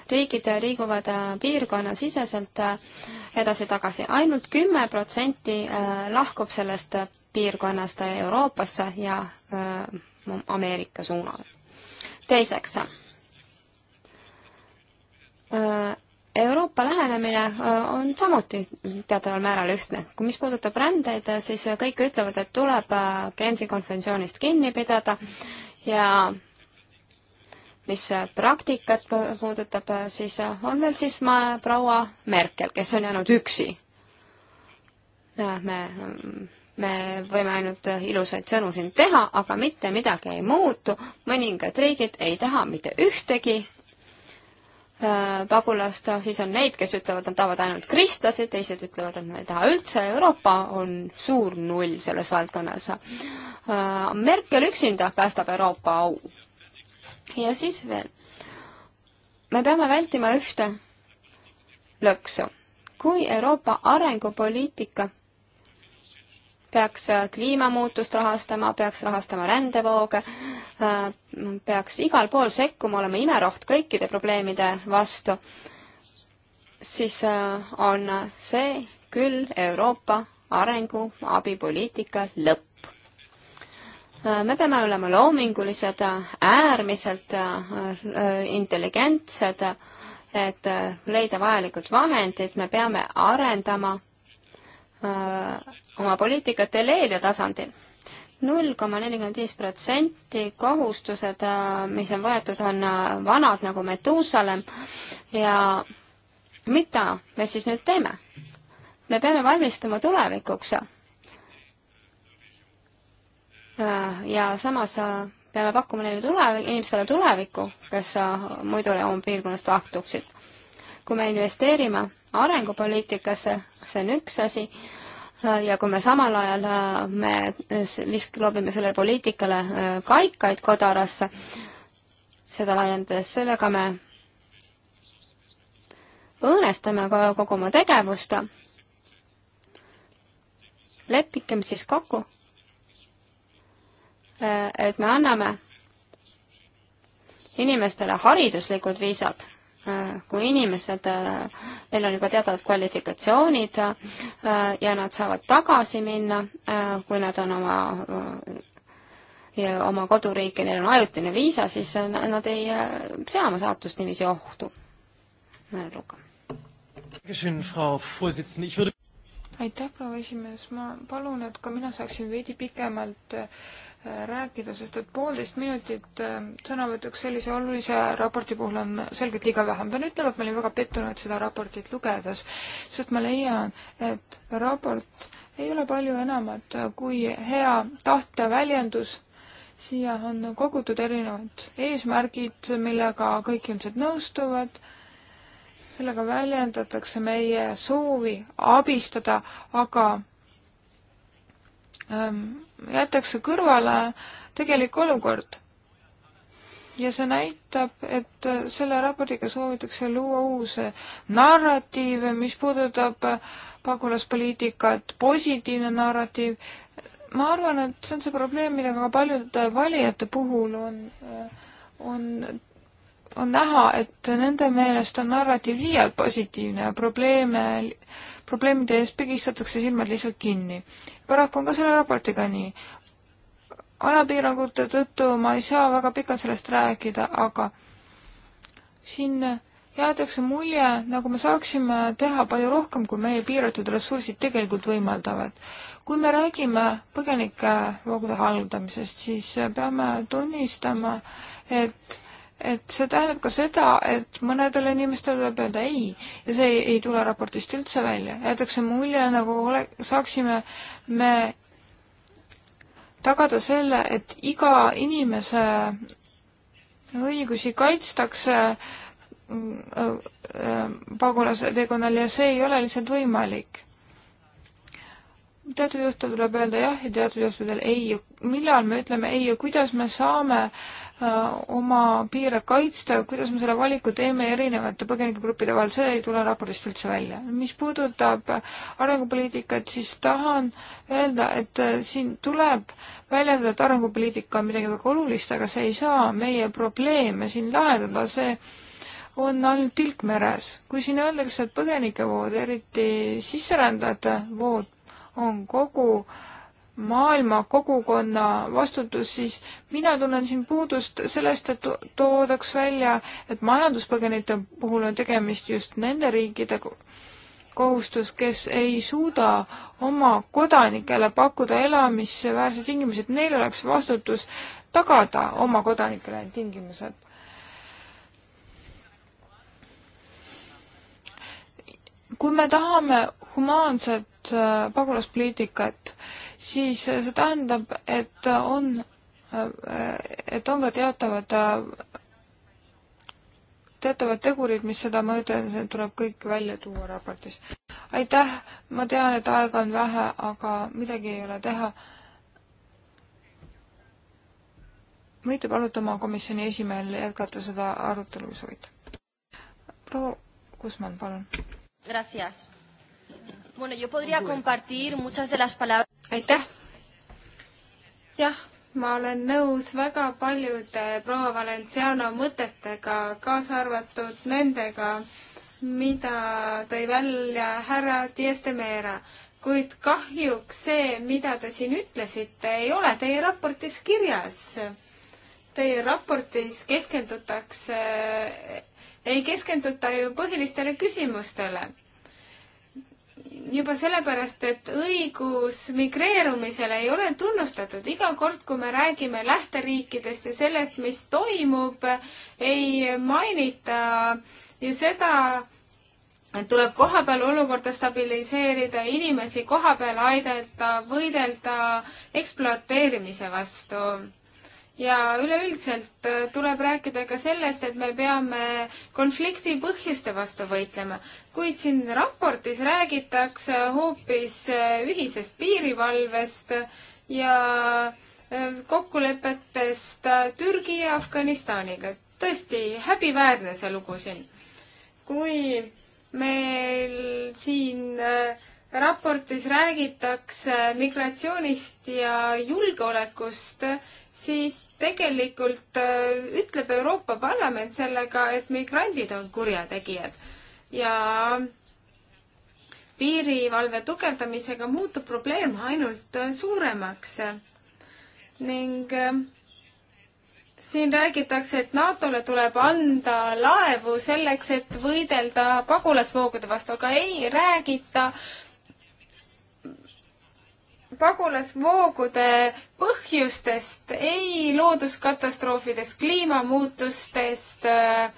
riigid liiguvad äh, piirkonnasiseselt äh, edasi-tagasi. ainult kümme protsenti äh, lahkub sellest piirkonnast Euroopasse ja Ameerika suunal. teiseks, Euroopa lähenemine on samuti teataval määral ühtne. kui mis puudutab rändeid, siis kõik ütlevad, et tuleb Genfi konventsioonist kinni pidada ja mis äh, praktikat puudutab, äh, siis äh, on meil siis ma, proua Merkel, kes on jäänud üksi. me, me võime ainult ilusaid sõnu siin teha, aga mitte midagi ei muutu, mõningad riigid ei taha mitte ühtegi pagulast, siis on neid, kes ütlevad, nad tahavad ainult kristlasi, teised ütlevad, et nad ei taha üldse, Euroopa on suur null selles valdkonnas. Merkel üksinda päästab Euroopa au ja siis veel. me peame vältima ühte lõksu. kui Euroopa arengupoliitika peaks äh, kliimamuutust rahastama, peaks rahastama rändevooge, äh, peaks igal pool sekkuma, olema imeroht kõikide probleemide vastu, siis äh, on see küll Euroopa arenguabipoliitika lõpp. Äh, me peame olema loomingulised, äärmiselt äh, äh, intelligentsed, et leida vajalikud vahendid, me peame arendama oma poliitikat Eleelia tasandil. null koma nelikümmend viis protsenti kohustused, mis on võetud, on vanad nagu Metuusalem ja mida me siis nüüd teeme? me peame valmistuma tulevikuks Äh, ja samas äh, peame pakkuma neile tulev-, inimestele tulevikku, kes äh, muidu oma piirkonnast lahtuksid. kui me investeerime arengupoliitikasse, see on üks asi, ja kui me samal ajal, me visk-, loobime sellele poliitikale kaikaid kodarasse, seda laiendades, sellega me õõnestame ka kogu oma tegevust. leppigem siis kokku Äh, et me anname inimestele hariduslikud viisad, äh, kui inimesed, äh, neil on juba teatavad kvalifikatsioonid ja nad saavad tagasi minna, kui nad on oma oma koduriiki, neil on ajutine viisa, siis nad ei sea oma saatust niiviisi ohtu. Määrel Luka. aitäh, proua esimees, ma palun, et ka mina saaksin veidi pikemalt äh, rääkida, sest et poolteist minutit äh, sõnavõtuks sellise olulise raporti puhul on selgelt liiga vähe. ma pean ütlema, et ma olin väga pettunud seda raportit lugedes, sest ma leian, et raport ei ole palju enamat kui hea tahte väljendus. siia on kogutud erinevad eesmärgid, millega kõik ilmselt nõustuvad sellega väljendatakse meie soovi abistada, aga Ähm, jäetakse kõrvale tegelik olukord. ja see näitab, et äh, selle raportiga soovitakse luua uus narratiiv, mis puudutab äh, pagulaspoliitikat, positiivne narratiiv. ma arvan, et see on see probleem, millega paljude valijate puhul on, äh, on on näha, et nende meelest on narratiiv liialt positiivne ja probleeme, probleemide ees pigistatakse silmad lihtsalt kinni. paraku on ka selle raportiga nii. ajapiirangute tõttu ma ei saa väga pikalt sellest rääkida, aga siin jäetakse mulje, nagu me saaksime teha palju rohkem, kui meie piiratud ressursid tegelikult võimaldavad. kui me räägime põgenikevoogude haldamisest, siis peame tunnistama, et et see tähendab ka seda, et mõnedele inimestele tuleb öelda ei ja see ei, ei tule raportist üldse välja. jäetakse mulje, nagu ole, saaksime me tagada selle, et iga inimese õigusi kaitstakse äh, äh, pagulase teekonnal ja see ei ole lihtsalt võimalik teatud juhtudel tuleb öelda jah ja teatud juhtudel ei ja millal me ütleme ei ja kuidas me saame äh, Äh, oma piire kaitsta, kuidas me selle valiku teeme erinevate põgenikegruppide vahel, see ei tule raportist üldse välja. mis puudutab arengupoliitikat, siis tahan öelda, et äh, siin tuleb väljendada, et arengupoliitika on midagi väga olulist, aga see ei saa meie probleeme siin lahendada, see on ainult tilk meres. kui siin öeldakse, et põgenikevood, eriti sisserändajate vood, on kogu äh, maailma kogukonna vastutus, siis mina tunnen siin puudust sellest, et toodaks välja, et majanduspõgenite puhul on tegemist just nende riikide kohustus, kes ei suuda oma kodanikele pakkuda elamisväärseid tingimusi, et neil oleks vastutus tagada oma kodanikele tingimused. kui me tahame humaanset äh, pagulaspoliitikat, siis see tähendab, et on, et on ka teatavad, teatavad tegurid, mis seda mõjutavad, tuleb kõik välja tuua raportis. aitäh, ma tean, et aega on vähe, aga midagi ei ole teha. võite paluda oma komisjoni esimehel jätkata seda arutelu, kui soovite. proua Kusman, palun. Gracias Bueno, yo podría compartir muchas de las palabras. aitäh! jah, ma olen nõus väga paljude proua Valenciano mõtetega, kaasa arvatud nendega, mida tõi välja härra Diestemera. kuid kahjuks see, mida te siin ütlesite, ei ole teie raportis kirjas. Teie raportis keskendutakse, ei keskenduta ju põhilistele küsimustele juba sellepärast, et õigus migreerumisele ei ole tunnustatud. iga kord, kui me räägime lähteriikidest ja sellest, mis toimub, ei mainita ju seda, et tuleb kohapeal olukorda stabiliseerida, inimesi kohapeal aidata, võidelda ekspluateerimise vastu ja üleüldiselt äh, tuleb rääkida ka sellest, et me peame konflikti põhjuste vastu võitlema. kuid siin raportis räägitakse hoopis äh, ühisest piirivalvest ja äh, kokkulepetest Türgi ja Afganistaniga. tõesti häbiväärne see lugu siin. kui meil siin raportis räägitakse migratsioonist ja julgeolekust, siis tegelikult äh, ütleb Euroopa Parlament sellega, et migrandid on kurjategijad ja piirivalve tugevdamisega muutub probleem ainult äh, suuremaks ning äh, siin räägitakse, et NATO-le tuleb anda laevu selleks, et võidelda pagulasvoogude vastu, aga ei räägita pagulasvoogude põhjustest, ei looduskatastroofidest, kliimamuutustest, äh,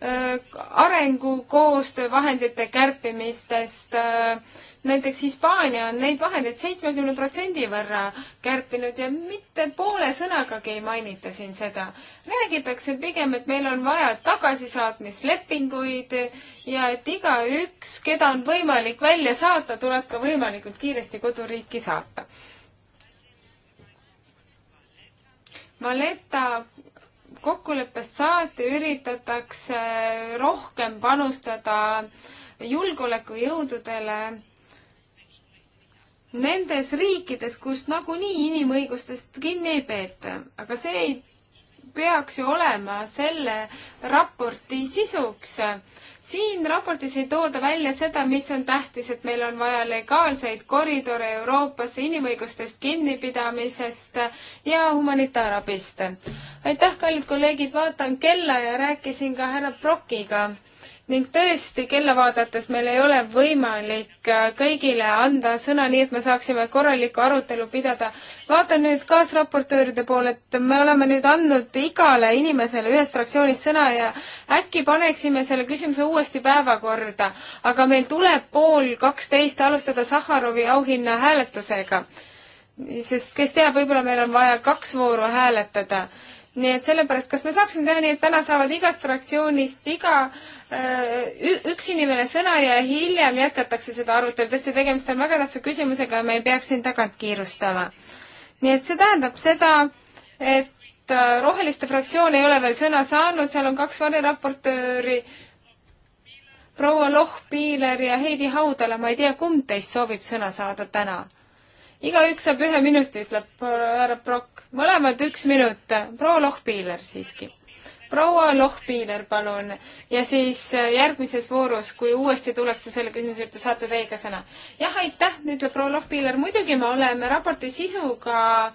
äh, arengukoostöövahendite kärpimistest äh,, näiteks Hispaania on neid vahendeid seitsmekümne protsendi võrra kärpinud ja mitte poole sõnagagi ei mainita siin seda. räägitakse pigem, et meil on vaja tagasisaatmislepinguid ja et igaüks, keda on võimalik välja saata, tuleb ka võimalikult kiiresti koduriiki saata. Valeta kokkuleppest saati üritatakse rohkem panustada julgeolekujõududele nendes riikides, kus nagunii inimõigustest kinni ei peeta, aga see ei peaks ju olema selle raporti sisuks. siin raportis ei tooda välja seda, mis on tähtis, et meil on vaja legaalseid koridore Euroopasse inimõigustest kinnipidamisest ja humanitaarabist. aitäh, kallid kolleegid, vaatan kella ja rääkisin ka härra Brokiga ning tõesti, kella vaadates meil ei ole võimalik äh, kõigile anda sõna, nii et me saaksime korralikku arutelu pidada. vaatan nüüd kaasraportööride poole, et me oleme nüüd andnud igale inimesele ühest fraktsioonist sõna ja äkki paneksime selle küsimuse uuesti päevakorda, aga meil tuleb pool kaksteist alustada Sahharovi auhinna hääletusega. sest kes teab, võib-olla meil on vaja kaks vooru hääletada nii et sellepärast, kas me saaksime teha nii, et täna saavad igast fraktsioonist iga äh, üks inimene sõna ja hiljem jätkatakse seda arutelu, tõesti tegemist on väga tähtsa küsimusega ja me ei peaks siin tagant kiirustama. nii et see tähendab seda, et äh, Roheliste fraktsioon ei ole veel sõna saanud, seal on kaks variraportööri, proua Lohpiiler ja Heidi Haudala, ma ei tea, kumb teist soovib sõna saada täna igaüks saab ühe minuti, ütleb härra Prokk. mõlemad üks minut. proua Lohpiiler siiski. proua Lohpiiler, palun. ja siis äh, järgmises voorus, kui uuesti tullakse selle küsimuse juurde, saate teie ka sõna. jah, aitäh, ütleb proua Lohpiiler. muidugi me oleme raporti sisuga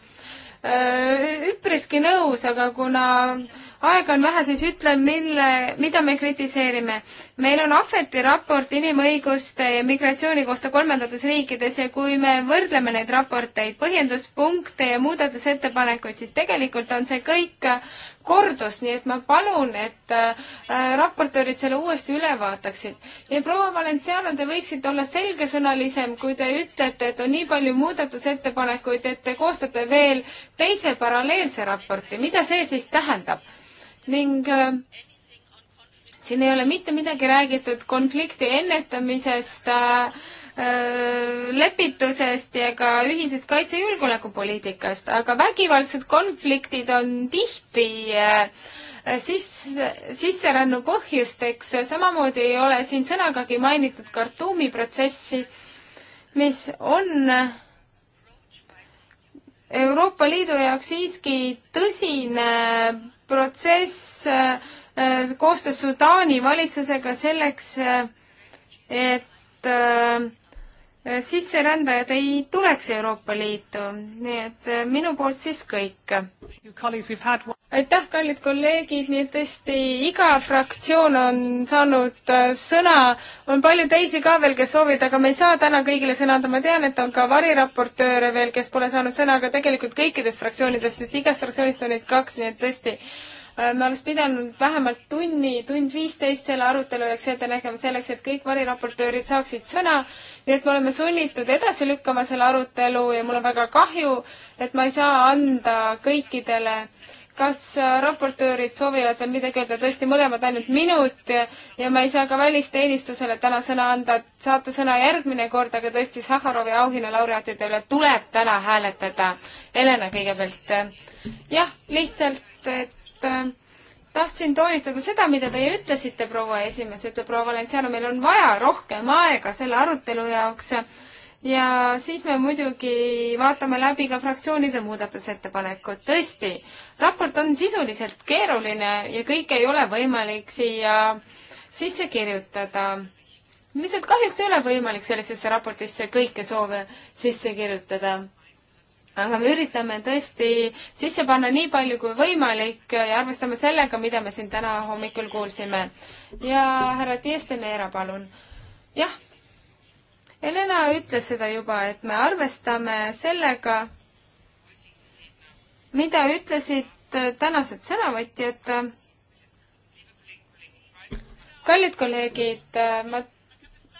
äh, üpriski nõus, aga kuna aega on vähe, siis ütle, mille, mida me kritiseerime. meil on Ahveti raport inimõiguste ja migratsiooni kohta kolmandates riikides ja kui me võrdleme neid raporteid, põhjenduspunkte ja muudatusettepanekuid, siis tegelikult on see kõik kordus, nii et ma palun, et äh, raportöörid selle uuesti üle vaataksid. ja proua Valenciano, te võiksite olla selgesõnalisem, kui te ütlete, et on nii palju muudatusettepanekuid, et te koostate veel teise paralleelse raporti, mida see siis tähendab? ning äh, siin ei ole mitte midagi räägitud konflikti ennetamisest, äh, äh, lepitusest ja ka ühisest kaitse- ja julgeolekupoliitikast, aga vägivaldsed konfliktid on tihti sisse, sisserännu põhjusteks, samamoodi ei ole siin sõnagagi mainitud Khartoumi protsessi, mis on Euroopa Liidu jaoks siiski tõsine protsess äh, koostöös Sudaani valitsusega selleks, äh, et äh, Äh, sisserändajad ei tuleks Euroopa Liitu, nii et äh, minu poolt siis kõik. aitäh, kallid kolleegid, nii et tõesti iga fraktsioon on saanud äh, sõna, on palju teisi ka veel, kes soovivad, aga me ei saa täna kõigile sõna anda, ma tean, et on ka variraportööre veel, kes pole saanud sõna, aga tegelikult kõikidest fraktsioonidest, sest igast fraktsioonist on neid kaks, nii et tõesti Äh, me oleks pidanud vähemalt tunni, tund viisteist selle arutelu jaoks ette nägema, selleks et kõik variraportöörid saaksid sõna. nii et me oleme sunnitud edasi lükkama selle arutelu ja mul on väga kahju, et ma ei saa anda kõikidele kas äh, raportöörid soovivad veel midagi öelda, tõesti mõlemad ainult minut ja, ja ma ei saa ka välisteenistusele täna sõna anda, et saate sõna järgmine kord, aga tõesti Sahharovi auhinna laureaatide üle tuleb täna hääletada. Helena kõigepealt. Äh, jah, lihtsalt, et et äh, tahtsin toonitada seda, mida teie ütlesite, proua esimees, ütleb proua Valenciano, meil on vaja rohkem aega selle arutelu jaoks ja siis me muidugi vaatame läbi ka fraktsioonide muudatusettepanekud. tõesti, raport on sisuliselt keeruline ja kõike ei ole võimalik siia sisse kirjutada. lihtsalt kahjuks ei ole võimalik sellisesse raportisse kõike soove sisse kirjutada aga me üritame tõesti sisse panna nii palju kui võimalik ja arvestame sellega, mida me siin täna hommikul kuulsime. ja härra Diestemera, palun. jah, Helena ütles seda juba, et me arvestame sellega, mida ütlesid tänased sõnavõtjad. kallid kolleegid, ma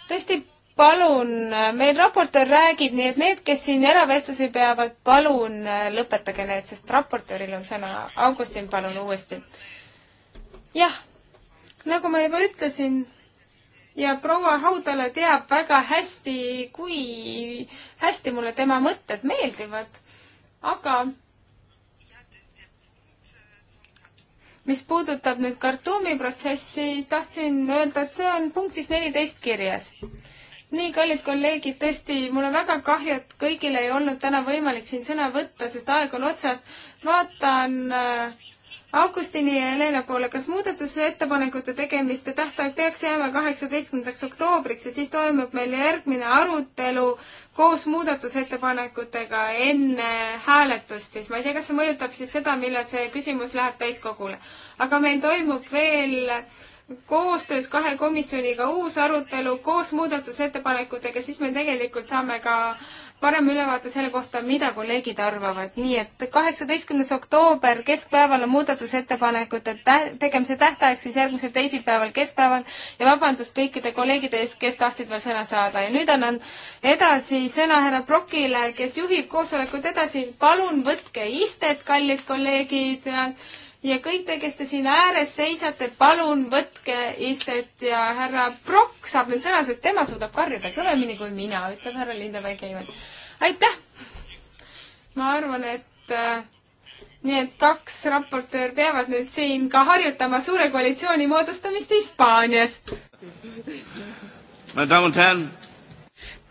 tõesti palun, äh, meil raportöör räägib, nii et need, kes siin eravestlusi peavad, palun äh, lõpetage need, sest raportööril on sõna. Augustin, palun uuesti. jah, nagu ma juba ütlesin ja proua Haudala teab väga hästi, kui hästi mulle tema mõtted meeldivad, aga mis puudutab nüüd Khartoumi protsessi, tahtsin öelda, et see on punktis neliteist kirjas nii, kallid kolleegid, tõesti, mul on väga kahju, et kõigil ei olnud täna võimalik siin sõna võtta, sest aeg on otsas. vaatan äh, Augustini ja Helena poole, kas muudatusettepanekute tegemiste tähtaeg peaks jääma kaheksateistkümnendaks oktoobriks ja siis toimub meil järgmine arutelu koos muudatusettepanekutega enne hääletust, siis ma ei tea, kas see mõjutab siis seda, millal see küsimus läheb täiskogule. aga meil toimub veel koostöös kahe komisjoniga uus arutelu koos muudatusettepanekutega, siis me tegelikult saame ka parem ülevaate selle kohta, mida kolleegid arvavad. nii et kaheksateistkümnes oktoober keskpäeval on muudatusettepanekute tä-, tegemise tähtaeg siis järgmisel teisipäeval keskpäeval ja vabandust kõikide kolleegide eest, kes tahtsid veel sõna saada ja nüüd annan edasi sõna härra Brokile, kes juhib koosolekut edasi. palun võtke istet, kallid kolleegid ja kõik te, kes te siin ääres seisate, palun võtke istet ja härra Prokk saab nüüd sõna, sest tema suudab karjuda kõvemini kui mina, ütleb härra Lindeberg Eimann. aitäh! ma arvan, et äh, nii et kaks raportöör peavad nüüd siin ka harjutama suure koalitsiooni moodustamist Hispaanias.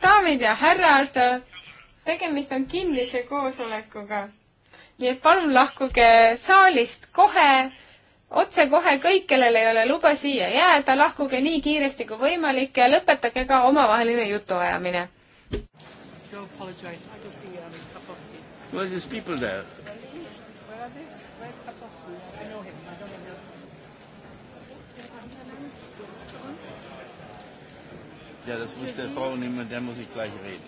daamid ja härrad, tegemist on kinnise koosolekuga nii et palun lahkuge saalist kohe, otsekohe kõik, kellel ei ole luba siia jääda, lahkuge nii kiiresti kui võimalik ja lõpetage ka omavaheline jutuajamine. Um, well, there's people there. Where are they? Where's Kapovsky? I know him. I don't know. Ja, das muss der Frau nehmen, mit der muss ich gleich reden.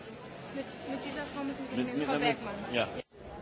Mit, mit dieser Frau müssen Sie mit, reden, mit, Frau Bergmann. Ja.